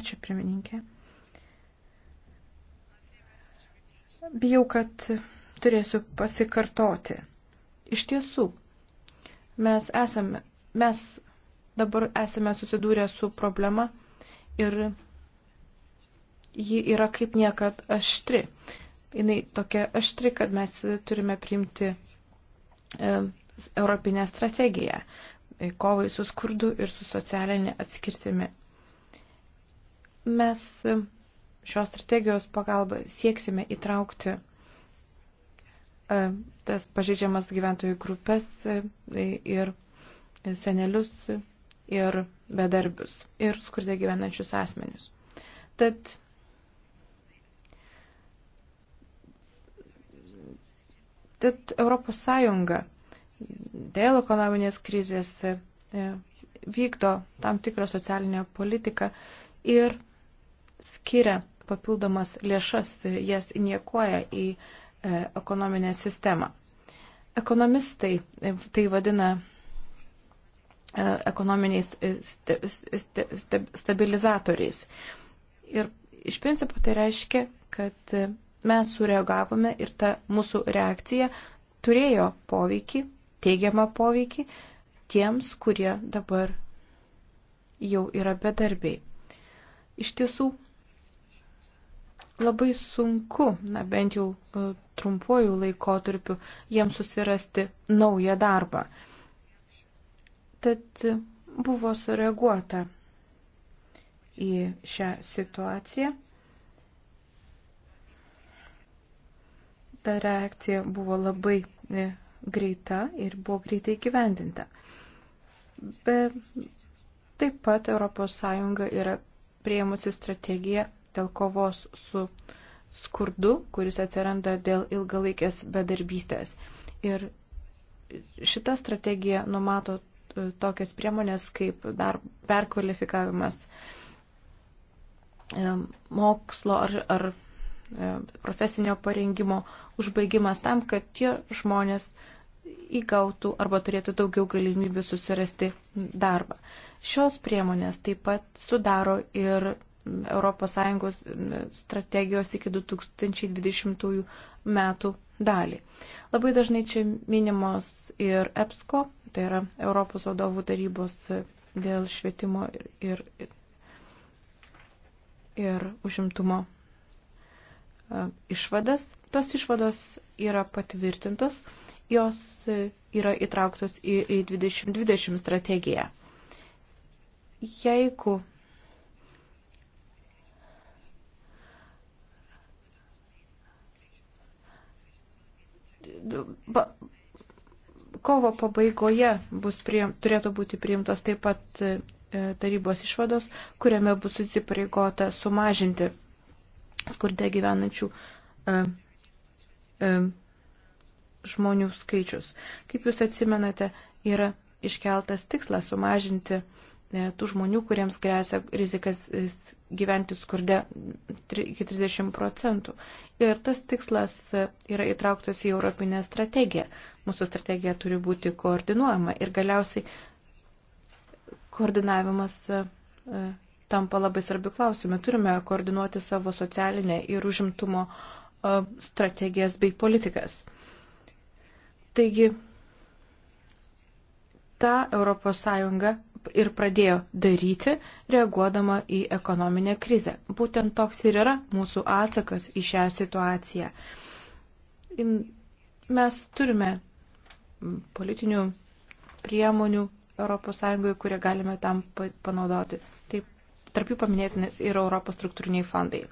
Ačiū, pirmininkė. Bijau, kad turėsiu pasikartoti. Iš tiesų, mes esame, mes dabar esame susidūrę su problema ir ji yra kaip niekad aštri. Jis tokia aštri, kad mes turime priimti e, europinę strategiją e, kovai su skurdu ir su socialinė atskirtimi. Mes e, šios strategijos pagalba sieksime įtraukti E, tas pažeidžiamas gyventojų grupės e, ir senelius ir bedarbius ir skurdė gyvenančius asmenius. Tad Tad ES dėl ekonominės krizės e, vykdo tam tikrą socialinę politiką ir skiria papildomas lėšas, jas injekuoja į uh, E, ekonominę sistemą. Ekonomistai e, tai vadina e, ekonominiais stabilizatoriais. Ir iš principo tai reiškia, kad mes sureagavome ir ta mūsų reakcija turėjo poveikį, teigiamą poveikį tiems, kurie dabar jau yra bedarbiai. Iš tiesų, labai sunku, na bent jau e, trumpuoju laikotarpiu, jiems susirasti naują darbą. Tad buvo sureaguota į šią situaciją. Ta reakcija buvo labai e, greita ir buvo greitai gyvendinta. Be taip pat ES yra prieimusi strategiją dėl kovos su skurdu, kuris atsiranda dėl ilgalaikės bedarbystės. Ir šita strategija numato e, tokias priemonės kaip dar perkvalifikavimas mokslo ar, ar e, profesinio parengimo užbaigimas tam, kad tie žmonės įgautų arba turėtų daugiau galimybių susirasti darbą. Šios priemonės taip pat sudaro ir ES strategijos iki 2020 metų dalį. Labai dažnai čia minimos ir EPSCO, tai yra Europos vadovų tarybos e, dėl švietimo ir, ir, ir, ir užimtumo e, išvadas. Tos išvados yra patvirtintos, jos e, yra įtrauktos į, į 2020 strategiją. Jeigu kovo pabaigoje bus prie, turėtų būti priimtos taip pat e, tarybos išvados, kuriame bus susipareigota sumažinti skurde gyvenančių e, e, žmonių skaičius. Kaip jūs atsimenate, yra iškeltas tikslas sumažinti E, tų žmonių, kuriems grėsia rizikas e, gyventi skurde iki 30 procentų. Ir tas tikslas e, yra įtrauktas į Europinę strategiją. Mūsų strategija turi būti koordinuojama ir galiausiai koordinavimas tampa labai svarbių klausimų. Turime koordinuoti savo socialinę ir užimtumo strategijas bei politikas. Taigi, tą ES ir pradėjo daryti, reaguodama į ekonominę krizę. Būtent toks ir yra mūsų atsakas į šią situaciją. Mes turime politinių priemonių ES, kurie galime tam panaudoti. Taip, tarp jų paminėtinis yra Europos struktūriniai fondai.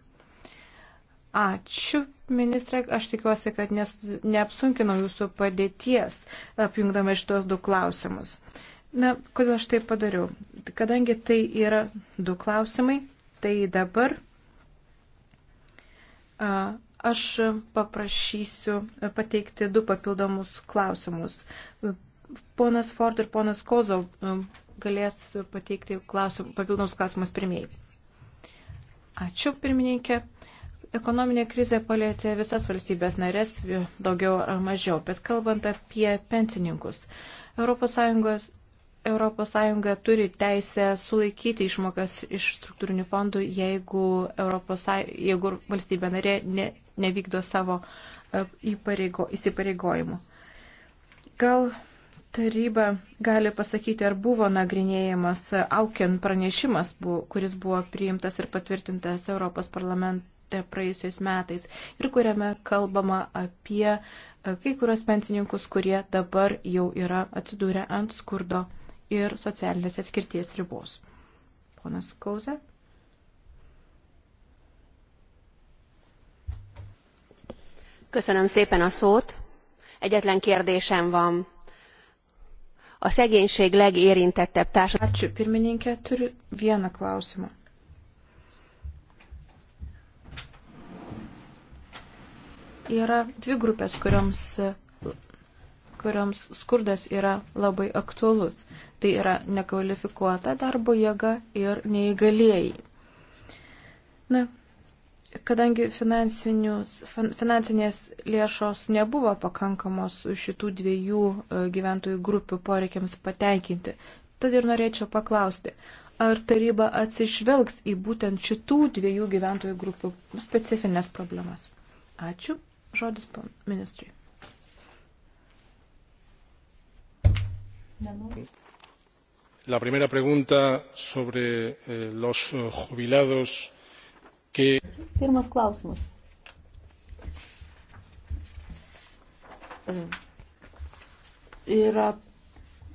Ačiū, ministrė. Aš tikiuosi, kad nes, neapsunkinau jūsų padėties, apjungdama šitos du klausimus. Na, kodėl aš tai padariau? Kadangi tai yra du klausimai, tai dabar a, aš paprašysiu pateikti du papildomus klausimus. Ponas Ford ir ponas Kozo galės pateikti klausim, papildomus klausimus pirmieji. Ačiū, pirmininkė. Ekonominė krizė palėtė visas valstybės narės daugiau ar mažiau, bet kalbant apie pensininkus, ES ES turi teisę sulaikyti išmokas iš struktūrinių fondų, jeigu, ES, jeigu valstybė narė ne, nevykdo savo e, įpareigo, įsipareigojimų. Gal taryba gali pasakyti, ar buvo nagrinėjamas e, Auken pranešimas, kuris buvo priimtas ir patvirtintas Europos parlamente praėjusiais metais ir kuriame kalbama apie e, kai kurios pensininkus, kurie dabar jau yra atsidūrę ant skurdo ir socialinės atskirties ribos. Ponas Kauze. Köszönöm szépen a szót. Egyetlen kérdésem van. A szegénység legérintettebb társadalma. Ačiū, pirmininkė, turiu vieną klausimą. Yra dvi grupės, kuriams kuriams skurdas yra labai aktuolus. Tai yra nekvalifikuota darbo jėga ir neįgalėjai. Na, kadangi fin, finansinės lėšos nebuvo pakankamos šitų dviejų e, gyventojų grupių poreikiams patenkinti, tad ir norėčiau paklausti, ar taryba atsižvelgs į būtent šitų dviejų gyventojų grupių specifines problemas. Ačiū. Žodis ministrui. la primera pregunta sobre eh, los eh, jubilados que. Pirmas klausimas. E, yra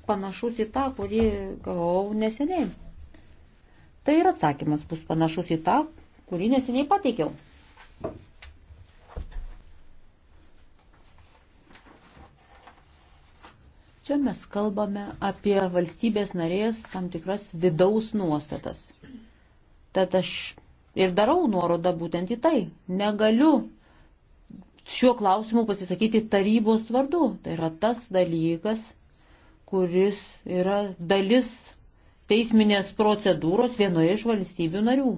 panašus į tą, kurį gavau neseniai. Tai ir atsakymas bus panašus į tą, kurį neseniai pateikiau. Čia mes kalbame apie valstybės narės tam tikras vidaus nuostatas. Tad aš ir darau nuorodą būtent į tai. Negaliu šiuo klausimu pasisakyti tarybos vardu. Tai yra tas dalykas, kuris yra dalis teisminės procedūros vienoje iš valstybių narių.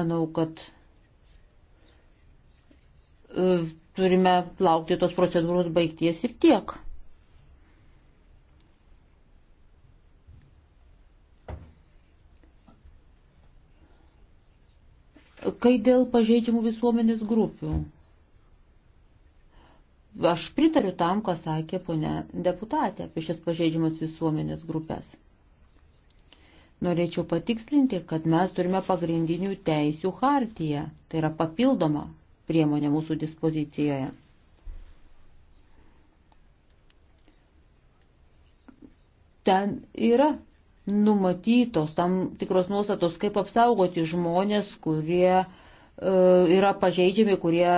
Manau, kad e, turime laukti tos procedūros baigties ir tiek. Kai dėl pažeidžiamų visuomenės grupių. Aš pritariu tam, ką sakė ponė deputatė apie šias pažeidžiamas visuomenės grupės. Norėčiau patikslinti, kad mes turime pagrindinių teisių hartiją, tai yra papildoma priemonė mūsų dispozicijoje. Ten yra numatytos tam tikros nuostatos, kaip apsaugoti žmonės, kurie e, yra pažeidžiami, kurie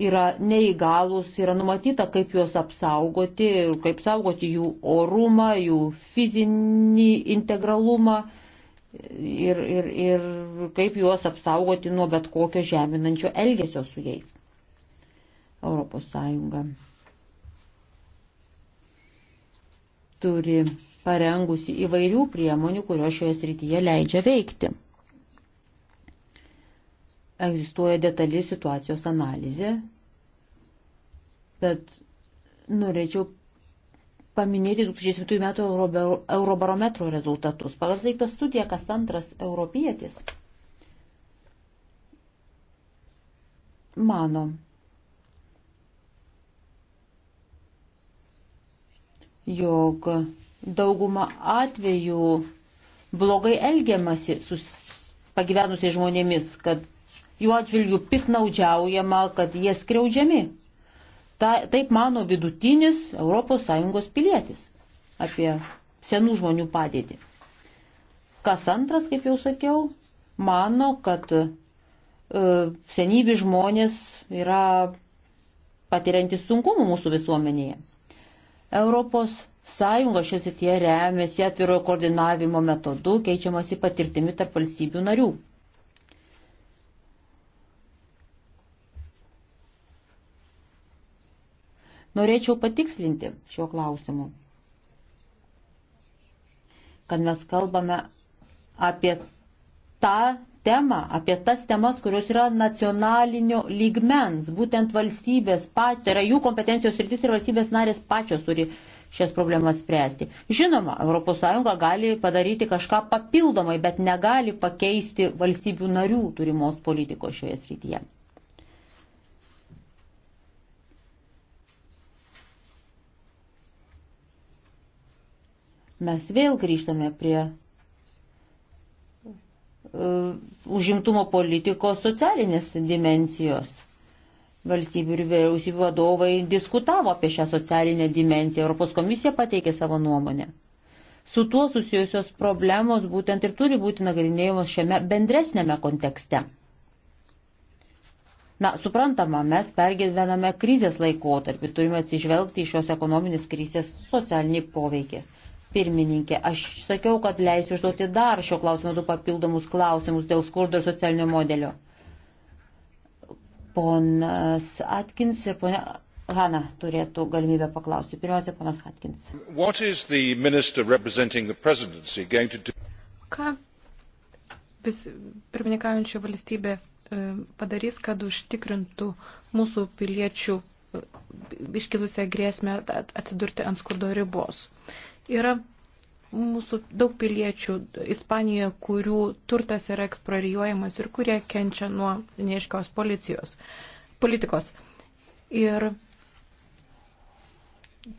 yra neįgalus, yra numatyta, kaip juos apsaugoti ir kaip saugoti jų orumą, jų fizinį integralumą ir, ir, ir kaip juos apsaugoti nuo bet kokio žeminančio elgesio su jais. Europos Sąjunga turi parengusi įvairių priemonių, kurios šioje srityje leidžia veikti. Egzistuoja detali situacijos analizė, bet norėčiau paminėti 2007 metų Eurobarometro rezultatus. Pagal tai, kas studija, kas antras europietis mano, jog daugumą atvejų blogai elgiamasi su pagyvenusiais žmonėmis, kad jų atžvilgių piknaudžiaujama, kad jie skriaudžiami. Ta, taip mano vidutinis ES pilietis apie senų žmonių padėtį. Kas antras, kaip jau sakiau, mano, kad e, senybi žmonės yra patiriantis sunkumų mūsų visuomenėje. Europos Sąjunga šios įtie remiasi atvirojo koordinavimo metodu, keičiamasi patirtimi tarp valstybių narių. Norėčiau patikslinti šiuo klausimu, kad mes kalbame apie tą temą, apie tas temas, kurios yra nacionalinio lygmens, būtent valstybės pačios, tai yra jų kompetencijos rytis ir valstybės narės pačios turi šias problemas spręsti. Žinoma, ES gali padaryti kažką papildomai, bet negali pakeisti valstybių narių turimos politikos šioje srityje. Mes vėl grįžtame prie uh, užimtumo politikos socialinės dimensijos valstybių ir vyriausybių vadovai diskutavo apie šią socialinę dimenciją. Europos komisija pateikė savo nuomonę. Su tuo susijusios problemos būtent ir turi būti nagrinėjamos šiame bendresnėme kontekste. Na, suprantama, mes pergyvename krizės laikotarpį, turime atsižvelgti į šios ekonominės krizės socialinį poveikį. Pirmininkė, aš sakiau, kad leisiu užduoti dar šio klausimo du papildomus klausimus dėl skurdo ir socialinio modelio. Ponas Atkins ir ponia Hanna turėtų galimybę paklausti. Pirmiausia, ponas Atkins. Ką vis pirmininkaujančia valstybė e, padarys, kad užtikrintų mūsų piliečių e, iškilusią grėsmę atsidurti ant skurdo ribos. Yra Mūsų daug piliečių Ispanijoje, kurių turtas yra eksprarijuojamas ir kurie kenčia nuo neiškios policijos, politikos. Ir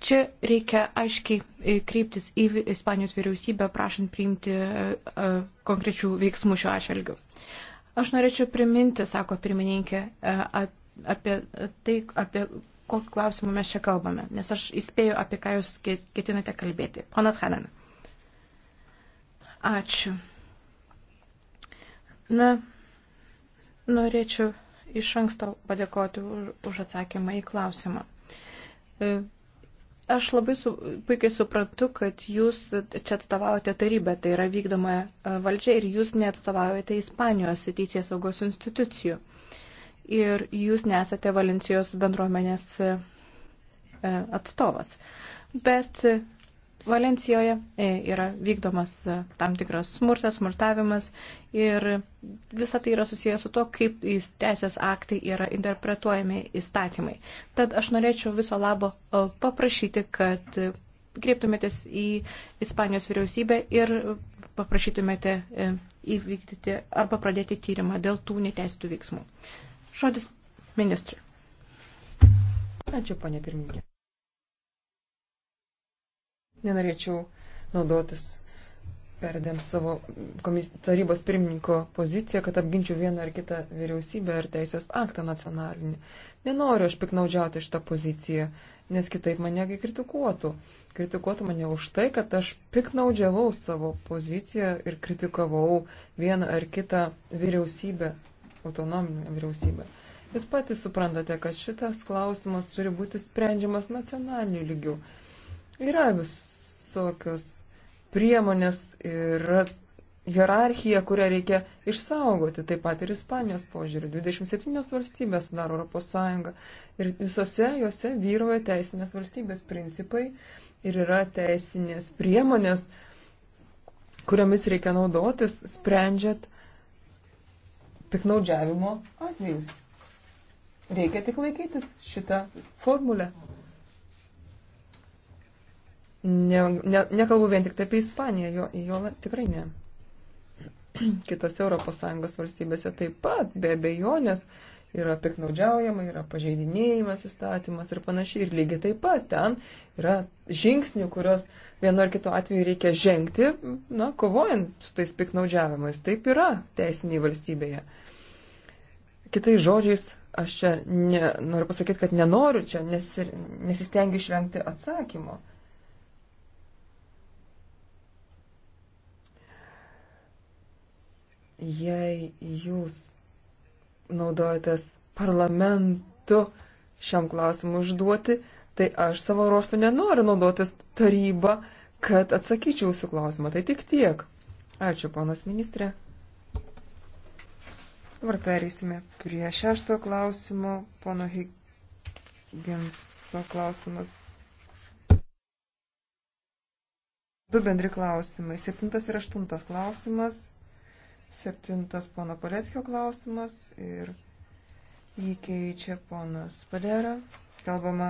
čia reikia aiškiai e, kreiptis į Ispanijos vyriausybę, prašant priimti e, konkrečių veiksmų šiuo atšvelgiu. Aš norėčiau priminti, sako pirmininkė, e, apie tai, apie kokį klausimą mes čia kalbame, nes aš įspėju, apie ką jūs ketinate kalbėti. Ponas Hanan. Ačiū. Na, norėčiau iš anksto padėkoti už atsakymą į klausimą. E, aš labai su, puikiai suprantu, kad jūs čia atstovaujate tarybę, tai yra vykdoma e, valdžia ir jūs neatstovaujate Ispanijos teisės saugos institucijų. Ir jūs nesate Valencijos bendruomenės e, atstovas. Bet Valencijoje e, yra vykdomas e, tam tikras smurtas, smurtavimas ir visa tai yra susijęs su to, kaip teisės aktai yra interpretuojami įstatymai. Tad aš norėčiau viso labo e, paprašyti, kad kreiptumėtės į Ispanijos vyriausybę ir paprašytumėte įvykdyti arba pradėti tyrimą dėl tų neteisėtų veiksmų. Žodis ministrui. Ačiū, ponė pirmininkė. Nenorėčiau naudotis perdėm savo komis, tarybos pirmininko poziciją, kad apginčiau vieną ar kitą vyriausybę ar teisės aktą nacionalinį. Nenoriu aš piknaudžiauti šitą poziciją, nes kitaip mane kritikuotų. Kritikuotų mane už tai, kad aš piknaudžiavau savo poziciją ir kritikavau vieną ar kitą vyriausybę, autonominę vyriausybę. Jūs patys suprantate, kad šitas klausimas turi būti sprendžiamas nacionaliniu lygiu. Yra visokios priemonės, yra hierarchija, kurią reikia išsaugoti. Taip pat ir Ispanijos požiūrį. 27 valstybės sudaro Europos Sąjungą. Ir visose juose vyroja teisinės valstybės principai ir yra teisinės priemonės, kuriomis reikia naudotis, sprendžiant piknaudžiavimo atvejus. Reikia tik laikytis šitą formulę ne, ne, nekalbu vien tik apie Ispaniją, jo, jo tikrai ne. Kitose ES valstybėse taip pat, be abejonės, yra piknaudžiaujama, yra pažeidinėjimas įstatymas ir panašiai. Ir lygiai taip pat ten yra žingsnių, kurios vienu ar kitu atveju reikia žengti, na, kovojant su tais piknaudžiavimais. Taip yra teisiniai valstybėje. Kitais žodžiais, aš čia ne, noriu pasakyti, kad nenoriu čia, nes, nesistengiu išvengti atsakymo. jei jūs naudojatės parlamentu šiam klausimui užduoti, tai aš savo ruoštų nenoriu naudotis taryba, kad atsakyčiau jūsų klausimą. Tai tik tiek. Ačiū, ponas ministrė. Dabar perėsime prie šešto klausimo, pono Higginso klausimas. Du bendri klausimai. Septintas ir aštuntas klausimas. Septintas pono Paleckio klausimas ir jį keičia ponas Padera. Kalbama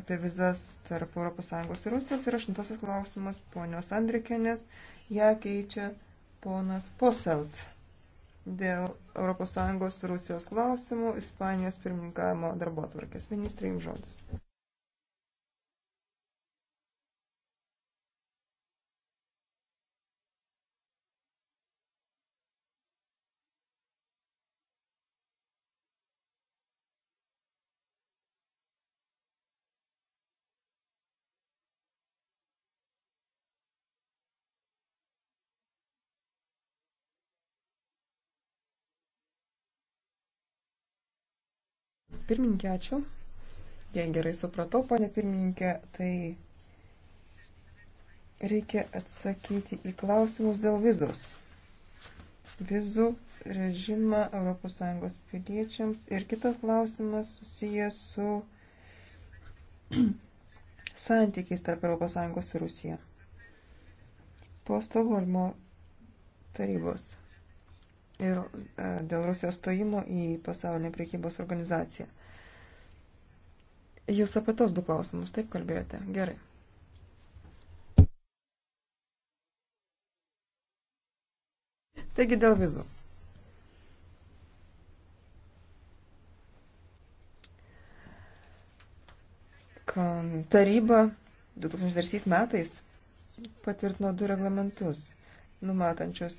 apie vizas tarp ES ir Rusijos. Ir aštuntasis klausimas ponios Andrikenės. Ja keičia ponas Poselt. Dėl ES ir Rusijos klausimų Ispanijos pirmininkavimo darbo atvarkės. Ministrai, jums žodis. Pirmininkė, ačiū. Jei gerai supratau, ponė pirmininkė, tai reikia atsakyti į klausimus dėl vizos. Vizų režimą ES piliečiams ir kitas klausimas susijęs su santykiais tarp ES ir Rusija. Po Stokholmo tarybos ir e, dėl Rusijos stojimo į pasaulinę priekybos organizaciją. Jūs apie tos du klausimus taip kalbėjote. Gerai. Taigi dėl vizų. Taryba 2003 metais patvirtino du reglamentus, numatančius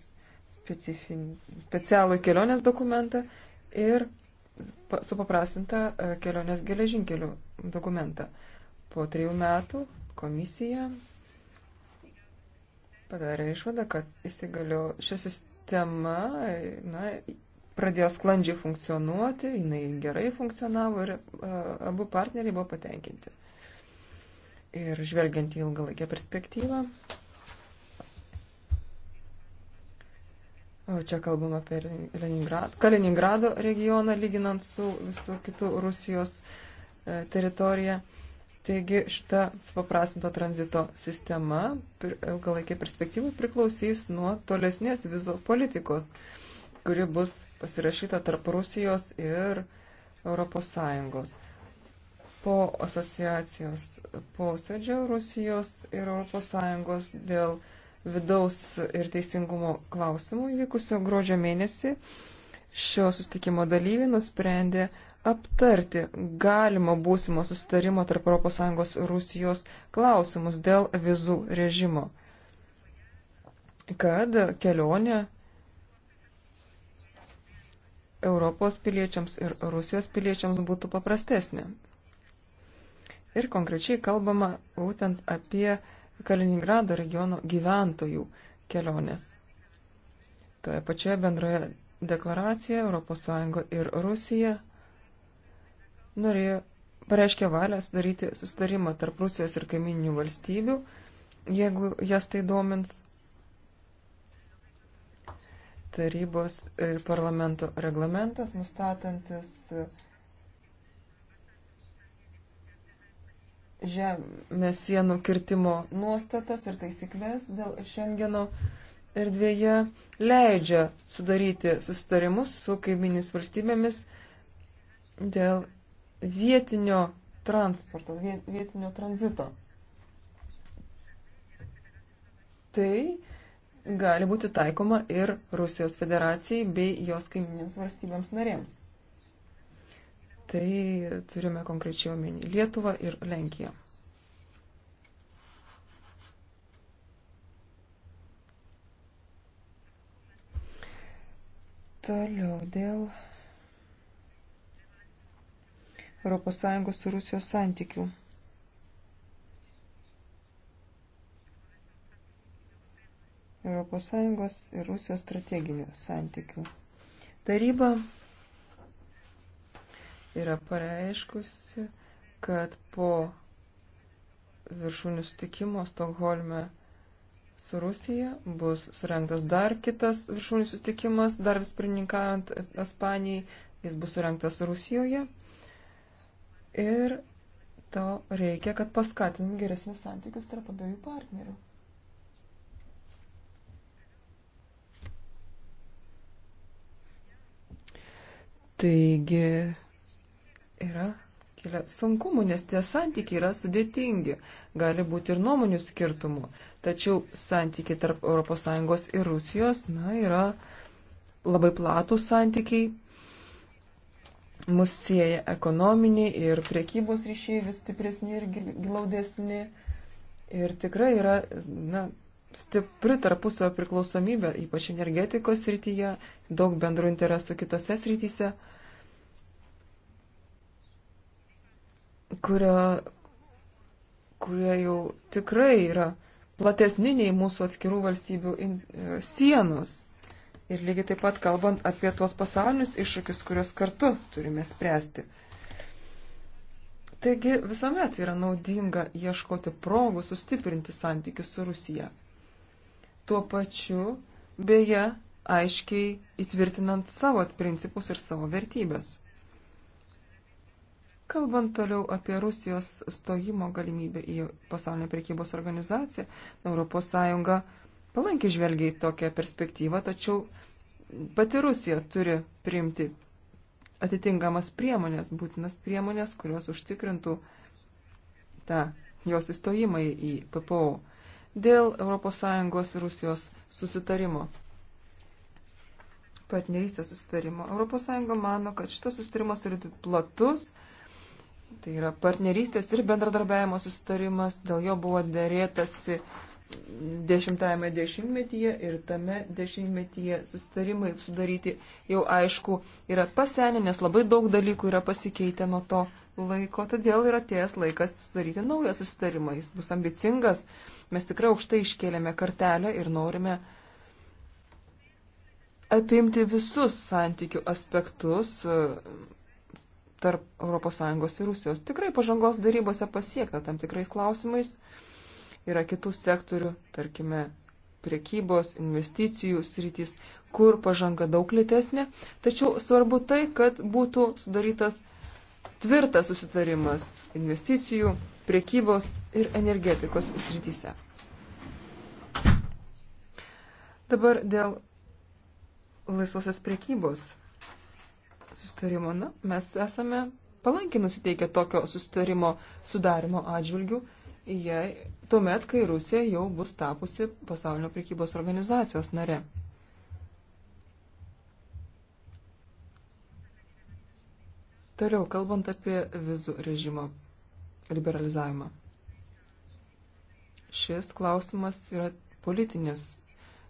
specifin, specialų kelionės dokumentą ir supaprastintą e, kelionės geležinkelių dokumentą. Po trijų metų komisija padarė išvadą, kad įsigalio šią sistemą, na, pradėjo sklandžiai funkcionuoti, jinai gerai funkcionavo ir e, abu partneriai buvo patenkinti. Ir žvelgiant į ilgalaikę perspektyvą, O čia kalbama apie Leningrad, Kaliningrado regioną, lyginant su visų kitų Rusijos e, teritorija. Taigi šita supaprastinta tranzito sistema ilgalaikiai perspektyvai priklausys nuo tolesnės vizų politikos, kuri bus pasirašyta tarp Rusijos ir ES. Po asociacijos posėdžio Rusijos ir ES dėl vidaus ir teisingumo klausimų įvykusio gruodžio mėnesį šio sustikimo dalyviai nusprendė aptarti galimo būsimo susitarimo tarp ES ir Rusijos klausimus dėl vizų režimo, kad kelionė Europos piliečiams ir Rusijos piliečiams būtų paprastesnė. Ir konkrečiai kalbama būtent apie Kaliningrado regiono gyventojų kelionės. Toje pačioje bendroje deklaracijoje ES ir Rusija norėjo pareiškė valią sudaryti sustarimą tarp Rusijos ir kaiminių valstybių, jeigu jas tai domins. Tarybos ir parlamento reglamentas nustatantis žemės sienų kirtimo nuostatas ir taisyklės dėl Šengeno erdvėje leidžia sudaryti sustarimus su kaiminis valstybėmis dėl vietinio transporto, vietinio tranzito. Tai gali būti taikoma ir Rusijos federacijai bei jos kaiminėms valstybėms narėms. Tai turime konkrečiai omeny Lietuvą ir Lenkiją. Toliau dėl ES ir Rusijos santykių. ES ir Rusijos strateginių santykių. Taryba yra pareiškusi, kad po viršūnių sutikimo Stokholme su Rusija bus surengtas dar kitas viršūnių sutikimas, dar vis pirmininkaujant Ispanijai, jis bus surengtas Rusijoje. Ir to reikia, kad paskatintum geresnius santykius tarp abiejų partnerių. Taigi, yra kilę sunkumų, nes tie santykiai yra sudėtingi. Gali būti ir nuomonių skirtumų. Tačiau santykiai tarp ES ir Rusijos, na, yra labai platų santykiai. Mus sieja ekonominiai ir priekybos ryšiai vis stipresni ir glaudesni. Ir tikrai yra, na, stipri tarpusavio priklausomybė, ypač energetikos srityje, daug bendrų interesų kitose srityse. kurio, kurie jau tikrai yra platesni nei mūsų atskirų valstybių in, e, sienos. Ir lygiai taip pat kalbant apie tuos pasaulinius iššūkius, kuriuos kartu turime spręsti. Taigi visuomet yra naudinga ieškoti progų sustiprinti santykius su Rusija. Tuo pačiu, beje, aiškiai įtvirtinant savo principus ir savo vertybės. Kalbant toliau apie Rusijos stojimo galimybę į pasaulinę priekybos organizaciją, ES palankiai žvelgia į tokią perspektyvą, tačiau pati Rusija turi priimti atitinkamas priemonės, būtinas priemonės, kurios užtikrintų tą jos įstojimą į PPO dėl ES ir Rusijos susitarimo partnerystės susitarimo. ES mano, kad šitas susitarimas turi būti platus, Tai yra partnerystės ir bendradarbiavimo susitarimas, dėl jo buvo dėrėtasi dešimtajame dešimtmetyje ir tame dešimtmetyje susitarimai sudaryti jau aišku yra pasenę, nes labai daug dalykų yra pasikeitę nuo to laiko, todėl yra ties laikas sudaryti naują susitarimą. Jis bus ambicingas, mes tikrai aukštai iškėlėme kartelę ir norime apimti visus santykių aspektus tarp ES ir Rusijos. Tikrai pažangos darybose pasiekta tam tikrais klausimais. Yra kitų sektorių, tarkime, priekybos, investicijų sritys, kur pažanga daug lėtesnė. Tačiau svarbu tai, kad būtų sudarytas tvirtas susitarimas investicijų, priekybos ir energetikos srityse. Dabar dėl laisvosios priekybos sustarimo. Na, mes esame palankiai nusiteikę tokio sustarimo sudarimo atžvilgių, jei tuomet, kai Rusija jau bus tapusi pasaulio prekybos organizacijos nare. Toliau, kalbant apie vizų režimo liberalizavimą. Šis klausimas yra politinis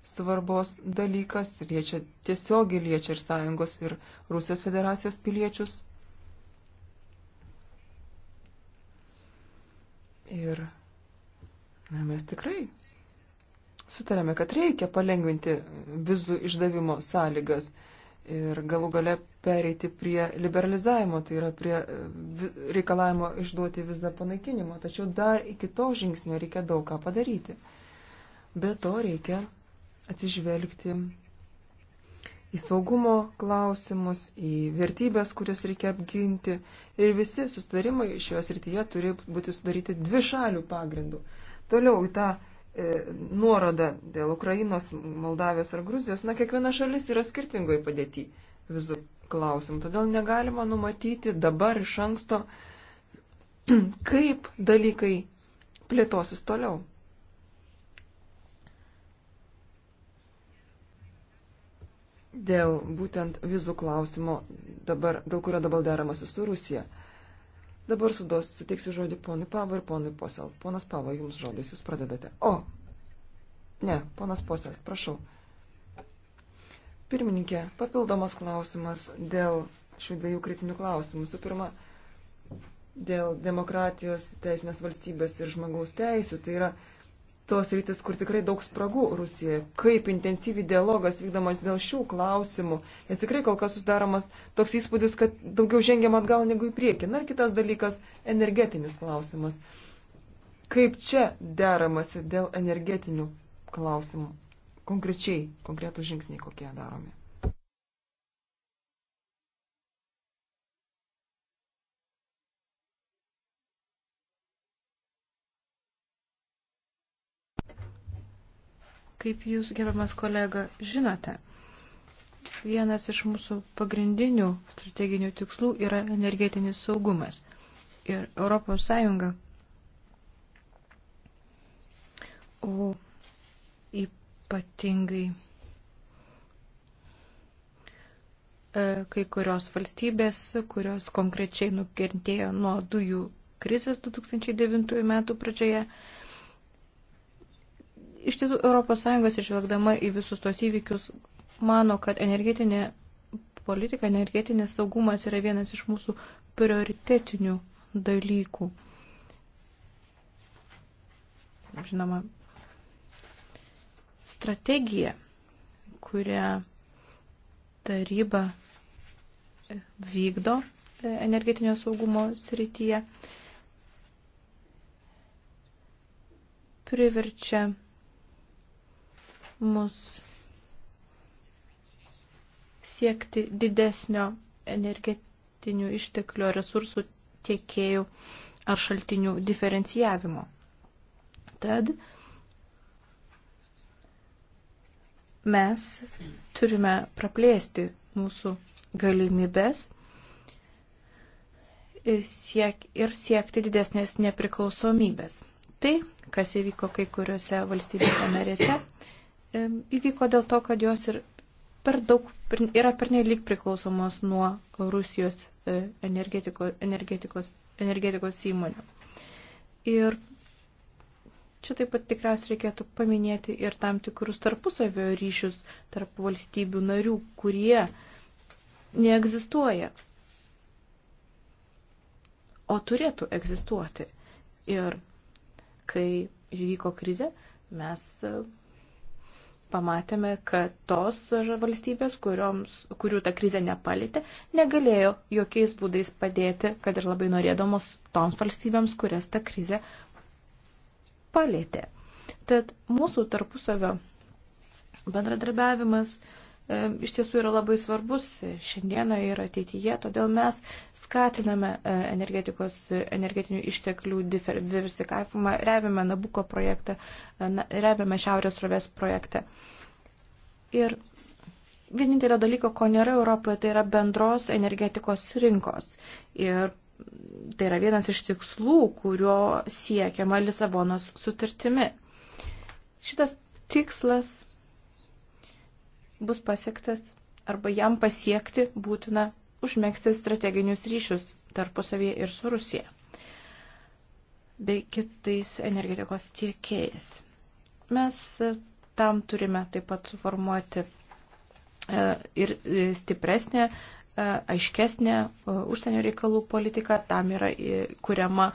svarbos dalykas, liečia tiesiogiai liečia ir sąjungos, ir Rusijos federacijos piliečius. Ir na, mes tikrai sutarėme, kad reikia palengvinti vizų išdavimo sąlygas ir galų gale pereiti prie liberalizavimo, tai yra prie e, reikalavimo išduoti vizą panaikinimo. Tačiau dar iki to žingsnio reikia daug ką padaryti. Be to reikia atsižvelgti į saugumo klausimus, į vertybės, kurias reikia apginti. Ir visi sustarimai šioje srityje turi būti sudaryti dvi šalių pagrindų. Toliau į tą e, nuorodą dėl Ukrainos, Moldavijos ar Gruzijos, na, kiekviena šalis yra skirtingoje padėti vizų klausimų. Todėl negalima numatyti dabar iš anksto, kaip dalykai plėtosis toliau. dėl būtent vizų klausimo, dabar, dėl kurio dabar deramasi su Rusija. Dabar sudos, suteiksiu žodį ponui Pavo ir ponui Posel. Ponas Pavo, jums žodis, jūs pradedate. O, ne, ponas Posel, prašau. Pirmininkė, papildomas klausimas dėl šių dviejų kritinių klausimų. Su pirma, dėl demokratijos, teisinės valstybės ir žmogaus teisų. Tai yra tos rytis, kur tikrai daug spragų Rusijoje. Kaip intensyviai dialogas vykdomas dėl šių klausimų, nes tikrai kol kas susidaromas toks įspūdis, kad daugiau žengiam atgal negu į priekį. Na ir kitas dalykas - energetinis klausimas. Kaip čia deramasi dėl energetinių klausimų? Konkrečiai, konkretų žingsniai kokie daromi? Kaip jūs, gerbamas kolega, žinote, vienas iš mūsų pagrindinių strateginių tikslų yra energetinis saugumas. Ir Europos Sąjunga, o ypatingai e, kai kurios valstybės, kurios konkrečiai nukentėjo nuo dujų krizės 2009 metų pradžioje, Iš tiesų, ES išvelgdama į visus tos įvykius mano, kad energetinė politika, energetinės saugumas yra vienas iš mūsų prioritetinių dalykų. Žinoma, strategija, kurią taryba vykdo energetinio saugumo srityje, priverčia mus siekti didesnio energetinių išteklių resursų tiekėjų ar šaltinių diferencijavimo. Tad mes turime praplėsti mūsų galimybės siek, ir siekti didesnės nepriklausomybės. Tai, kas įvyko kai kuriuose valstybėse narėse, įvyko dėl to, kad jos ir per daug yra pernelyg priklausomos nuo Rusijos e, energetikos, energetikos, energetikos įmonių. Ir čia taip pat tikriausiai reikėtų paminėti ir tam tikrus tarpusavio ryšius tarp valstybių narių, kurie neegzistuoja, o turėtų egzistuoti. Ir kai įvyko krize, mes e, pamatėme, kad tos valstybės, kurioms, kurių ta krizė nepalėtė, negalėjo jokiais būdais padėti, kad ir labai norėdamos toms valstybėms, kurias ta krizė palėtė. Tad mūsų tarpusavio bendradarbiavimas uh, E, iš tiesų yra labai svarbus šiandieną ir ateityje, todėl mes skatiname e, energetikos, e, energetinių išteklių diversifikavimą, remiame Nabuko projektą, remiame Šiaurės rovės projektą. Ir vienintelio dalyko, ko nėra Europoje, tai yra bendros energetikos rinkos. Ir tai yra vienas iš tikslų, kurio siekiama Lisabonos sutartimi. Šitas tikslas bus pasiektas arba jam pasiekti būtina užmėgsti strateginius ryšius tarpusavėje ir su Rusija bei kitais energetikos tiekėjais. Mes e, tam turime taip pat suformuoti e, ir e, stipresnė, aiškesnė užsienio reikalų politika, tam yra kuriama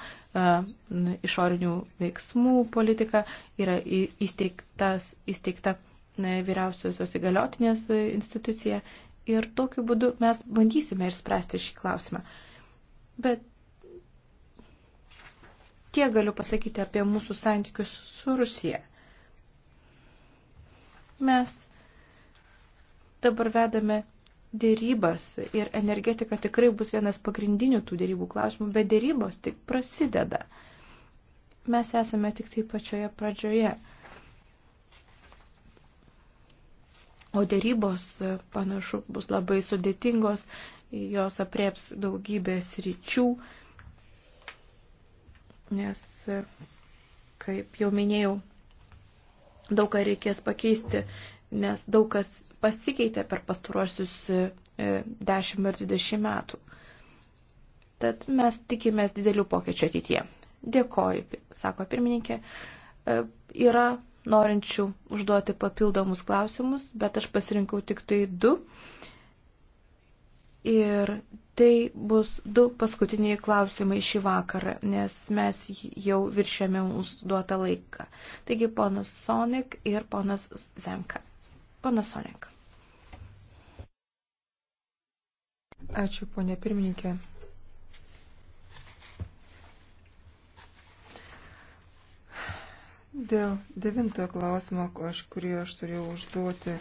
išorinių veiksmų politika, yra įsteigtas, įsteigta vyriausiosios įgaliotinės instituciją ir tokiu būdu mes bandysime išspręsti šį klausimą. Bet tiek galiu pasakyti apie mūsų santykius su Rusija. Mes dabar vedame dėrybas ir energetika tikrai bus vienas pagrindinių tų dėrybų klausimų, bet dėrybos tik prasideda. Mes esame tik tai pačioje pradžioje. O dėrybos, e, panašu, bus labai sudėtingos, jos aprieps daugybės ryčių, nes, e, kaip jau minėjau, daug ką reikės pakeisti, nes daug kas pasikeitė per pastaruosius 10 e, ar 20 metų. Tad mes tikimės didelių pokyčių ateityje. Dėkoju, sako pirmininkė. Yra norinčių užduoti papildomus klausimus, bet aš pasirinkau tik tai du. Ir tai bus du paskutiniai klausimai šį vakarą, nes mes jau viršėme mums duotą laiką. Taigi ponas Sonik ir ponas Zenka. Ponas Sonik. Ačiū, ponė pirmininkė. Dėl devintojo klausimo, aš, kurį aš turėjau užduoti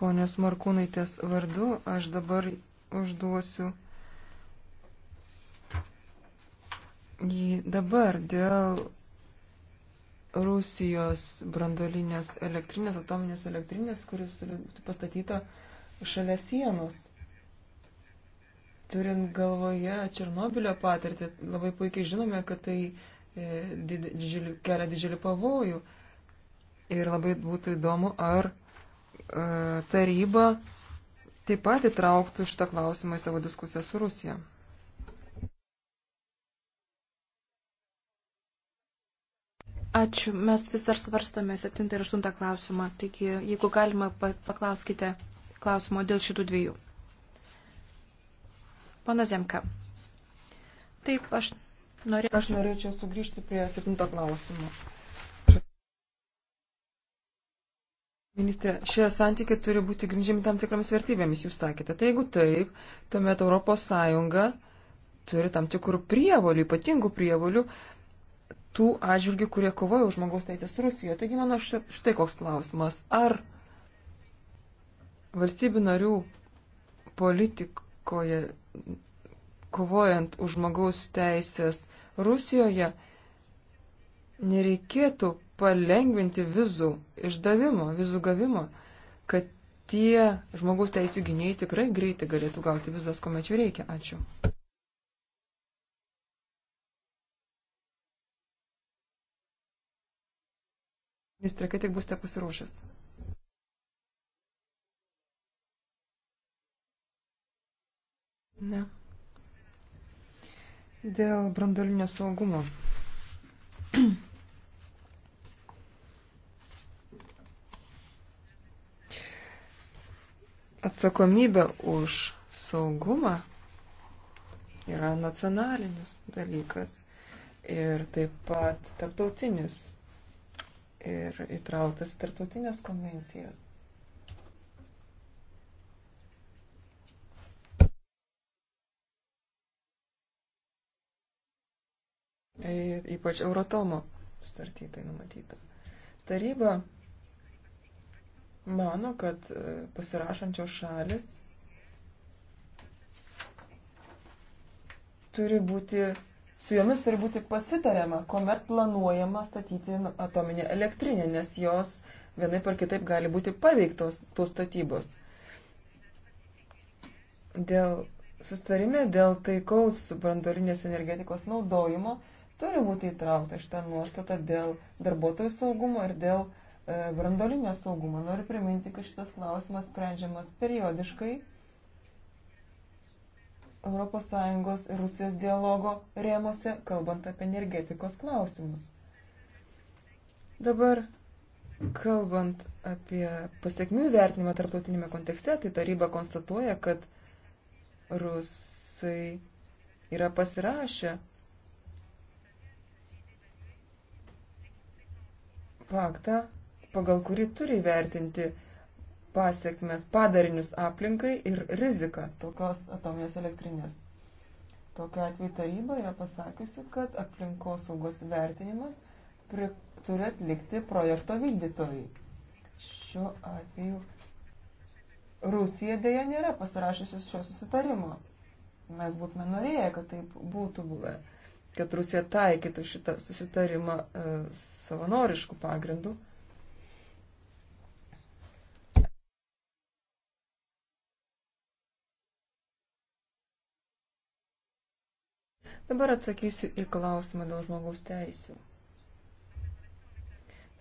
ponios Markūnaitės vardu, aš dabar užduosiu jį dabar dėl Rusijos brandolinės elektrinės, atominės elektrinės, kuris pastatyta šalia sienos. Turint galvoje Černobilio patirtį, labai puikiai žinome, kad tai E, didžiulį, kelia didžiulį pavojų. Ir labai būtų įdomu, ar e, taryba taip pat įtrauktų šitą klausimą į savo diskusiją su Rusija. Ačiū. Mes vis dar svarstome 7 ir 8 klausimą. Taigi, jeigu galima, paklauskite klausimo dėl šitų dviejų. Pana Zemka. Taip, aš Norė... Aš norėčiau sugrįžti prie septinto klausimo. Ministrė, šie santykiai turi būti grindžiami tam tikromis vertybėmis, jūs sakėte. Tai jeigu taip, tuomet ES turi tam tikrų prievolių, ypatingų prievolių tų atžvilgių, kurie kovoja už žmogaus teisės Rusijoje. Taigi mano štai koks klausimas. Ar valstybių narių politikoje kovojant už žmogaus teisės Rusijoje, nereikėtų palengvinti vizų išdavimo, vizų gavimo, kad tie žmogaus teisų gynėjai tikrai greitai galėtų gauti vizas, kuomet jų reikia. Ačiū. Ministrė, kai tik būsite pasiruošęs. Ne. Dėl brandolinio saugumo. Atsakomybė už saugumą yra nacionalinis dalykas ir taip pat tarptautinis ir įtrauktas tarptautinės konvencijas. ypač Euratomo startyje tai numatyta. Taryba mano, kad e, pasirašančios šalis turi būti, su jomis turi būti pasitariama, kuomet planuojama statyti atominę elektrinę, nes jos vienaip ar kitaip gali būti paveiktos tos statybos. Dėl sustarime, dėl taikaus brandolinės energetikos naudojimo turi būti įtraukta šitą nuostatą dėl darbuotojų saugumo ir dėl e, brandolinio saugumo. Noriu priminti, kad šitas klausimas sprendžiamas periodiškai ES ir Rusijos dialogo rėmose, kalbant apie energetikos klausimus. Dabar, kalbant apie pasiekmių vertinimą tarptautinėme kontekste, tai taryba konstatuoja, kad rusai yra pasirašę faktą, pagal kurį turi vertinti pasiekmes, padarinius aplinkai ir riziką tokios atominės elektrinės. Tokiu atveju taryba yra pasakiusi, kad aplinkos saugos vertinimas pri, turi atlikti projekto vykdytojai. Šiuo atveju Rusija dėja nėra pasirašysi šio susitarimo. Mes būtume norėję, kad taip būtų buvę kad Rusija taikytų šitą susitarimą e, savanoriškų pagrindų. Dabar atsakysiu į klausimą dėl žmogaus teisių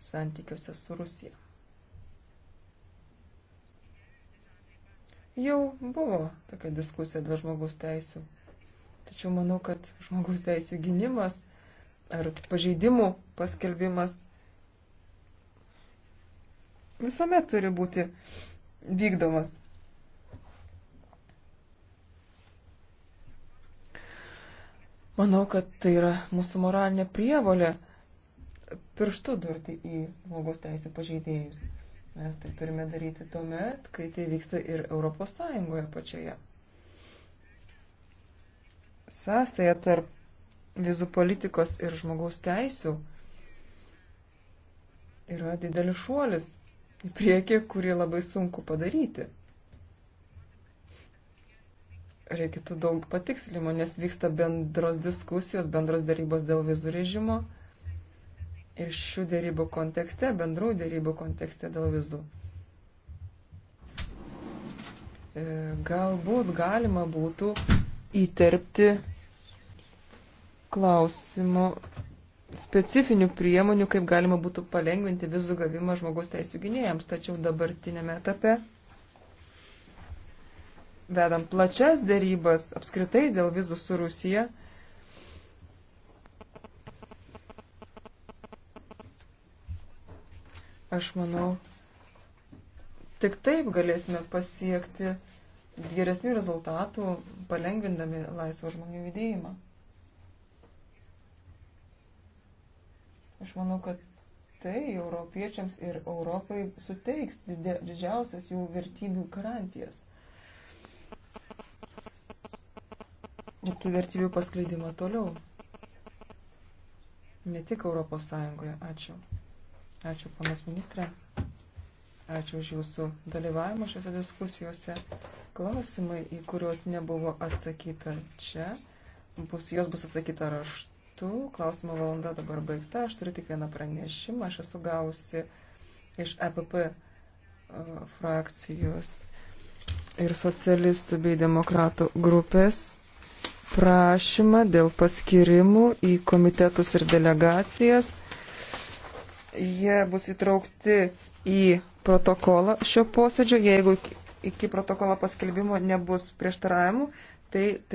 santykiuose su Rusija. Jau buvo tokia diskusija dėl žmogaus teisių Tačiau manau, kad žmogaus teisų gynimas ar pažeidimų paskelbimas visuomet turi būti vykdomas. Manau, kad tai yra mūsų moralinė prievolė pirštų durti į žmogaus teisų pažeidėjus. Mes tai turime daryti tuomet, kai tai vyksta ir Europos Sąjungoje pačioje sąsaja tarp vizų politikos ir žmogaus teisų yra didelis šuolis į priekį, kurį labai sunku padaryti. Reikėtų daug patikslimo, nes vyksta bendros diskusijos, bendros darybos dėl vizų režimo ir šių darybų kontekste, bendrų darybų kontekste dėl vizų. E, galbūt galima būtų įterpti klausimų specifinių priemonių, kaip galima būtų palengventi vizų gavimą žmogaus teisų gynėjams. Tačiau dabartinėme etape, vedam plačias dėrybas apskritai dėl vizų su Rusija, aš manau, tik taip galėsime pasiekti geresnių rezultatų, palengvindami laisvą žmonių judėjimą. Aš manau, kad tai europiečiams ir Europai suteiks didžiausias jų vertybių garantijas. Ir tų vertybių paskleidimą toliau. Ne tik Europos Sąjungoje. Ačiū. Ačiū, panas ministrė. Ačiū už jūsų dalyvavimą šiuose diskusijose. Klausimai, į kuriuos nebuvo atsakyta čia, bus, jos bus atsakyta raštu. Klausimo valanda dabar baigta. Aš turiu tik vieną pranešimą. Aš esu gausi iš EPP e, frakcijos ir socialistų bei demokratų grupės prašymą dėl paskirimų į komitetus ir delegacijas. Jie bus įtraukti į protokolą šio posėdžio. Jeigu iki protokolo paskelbimo nebus prieštaravimų, tai, tai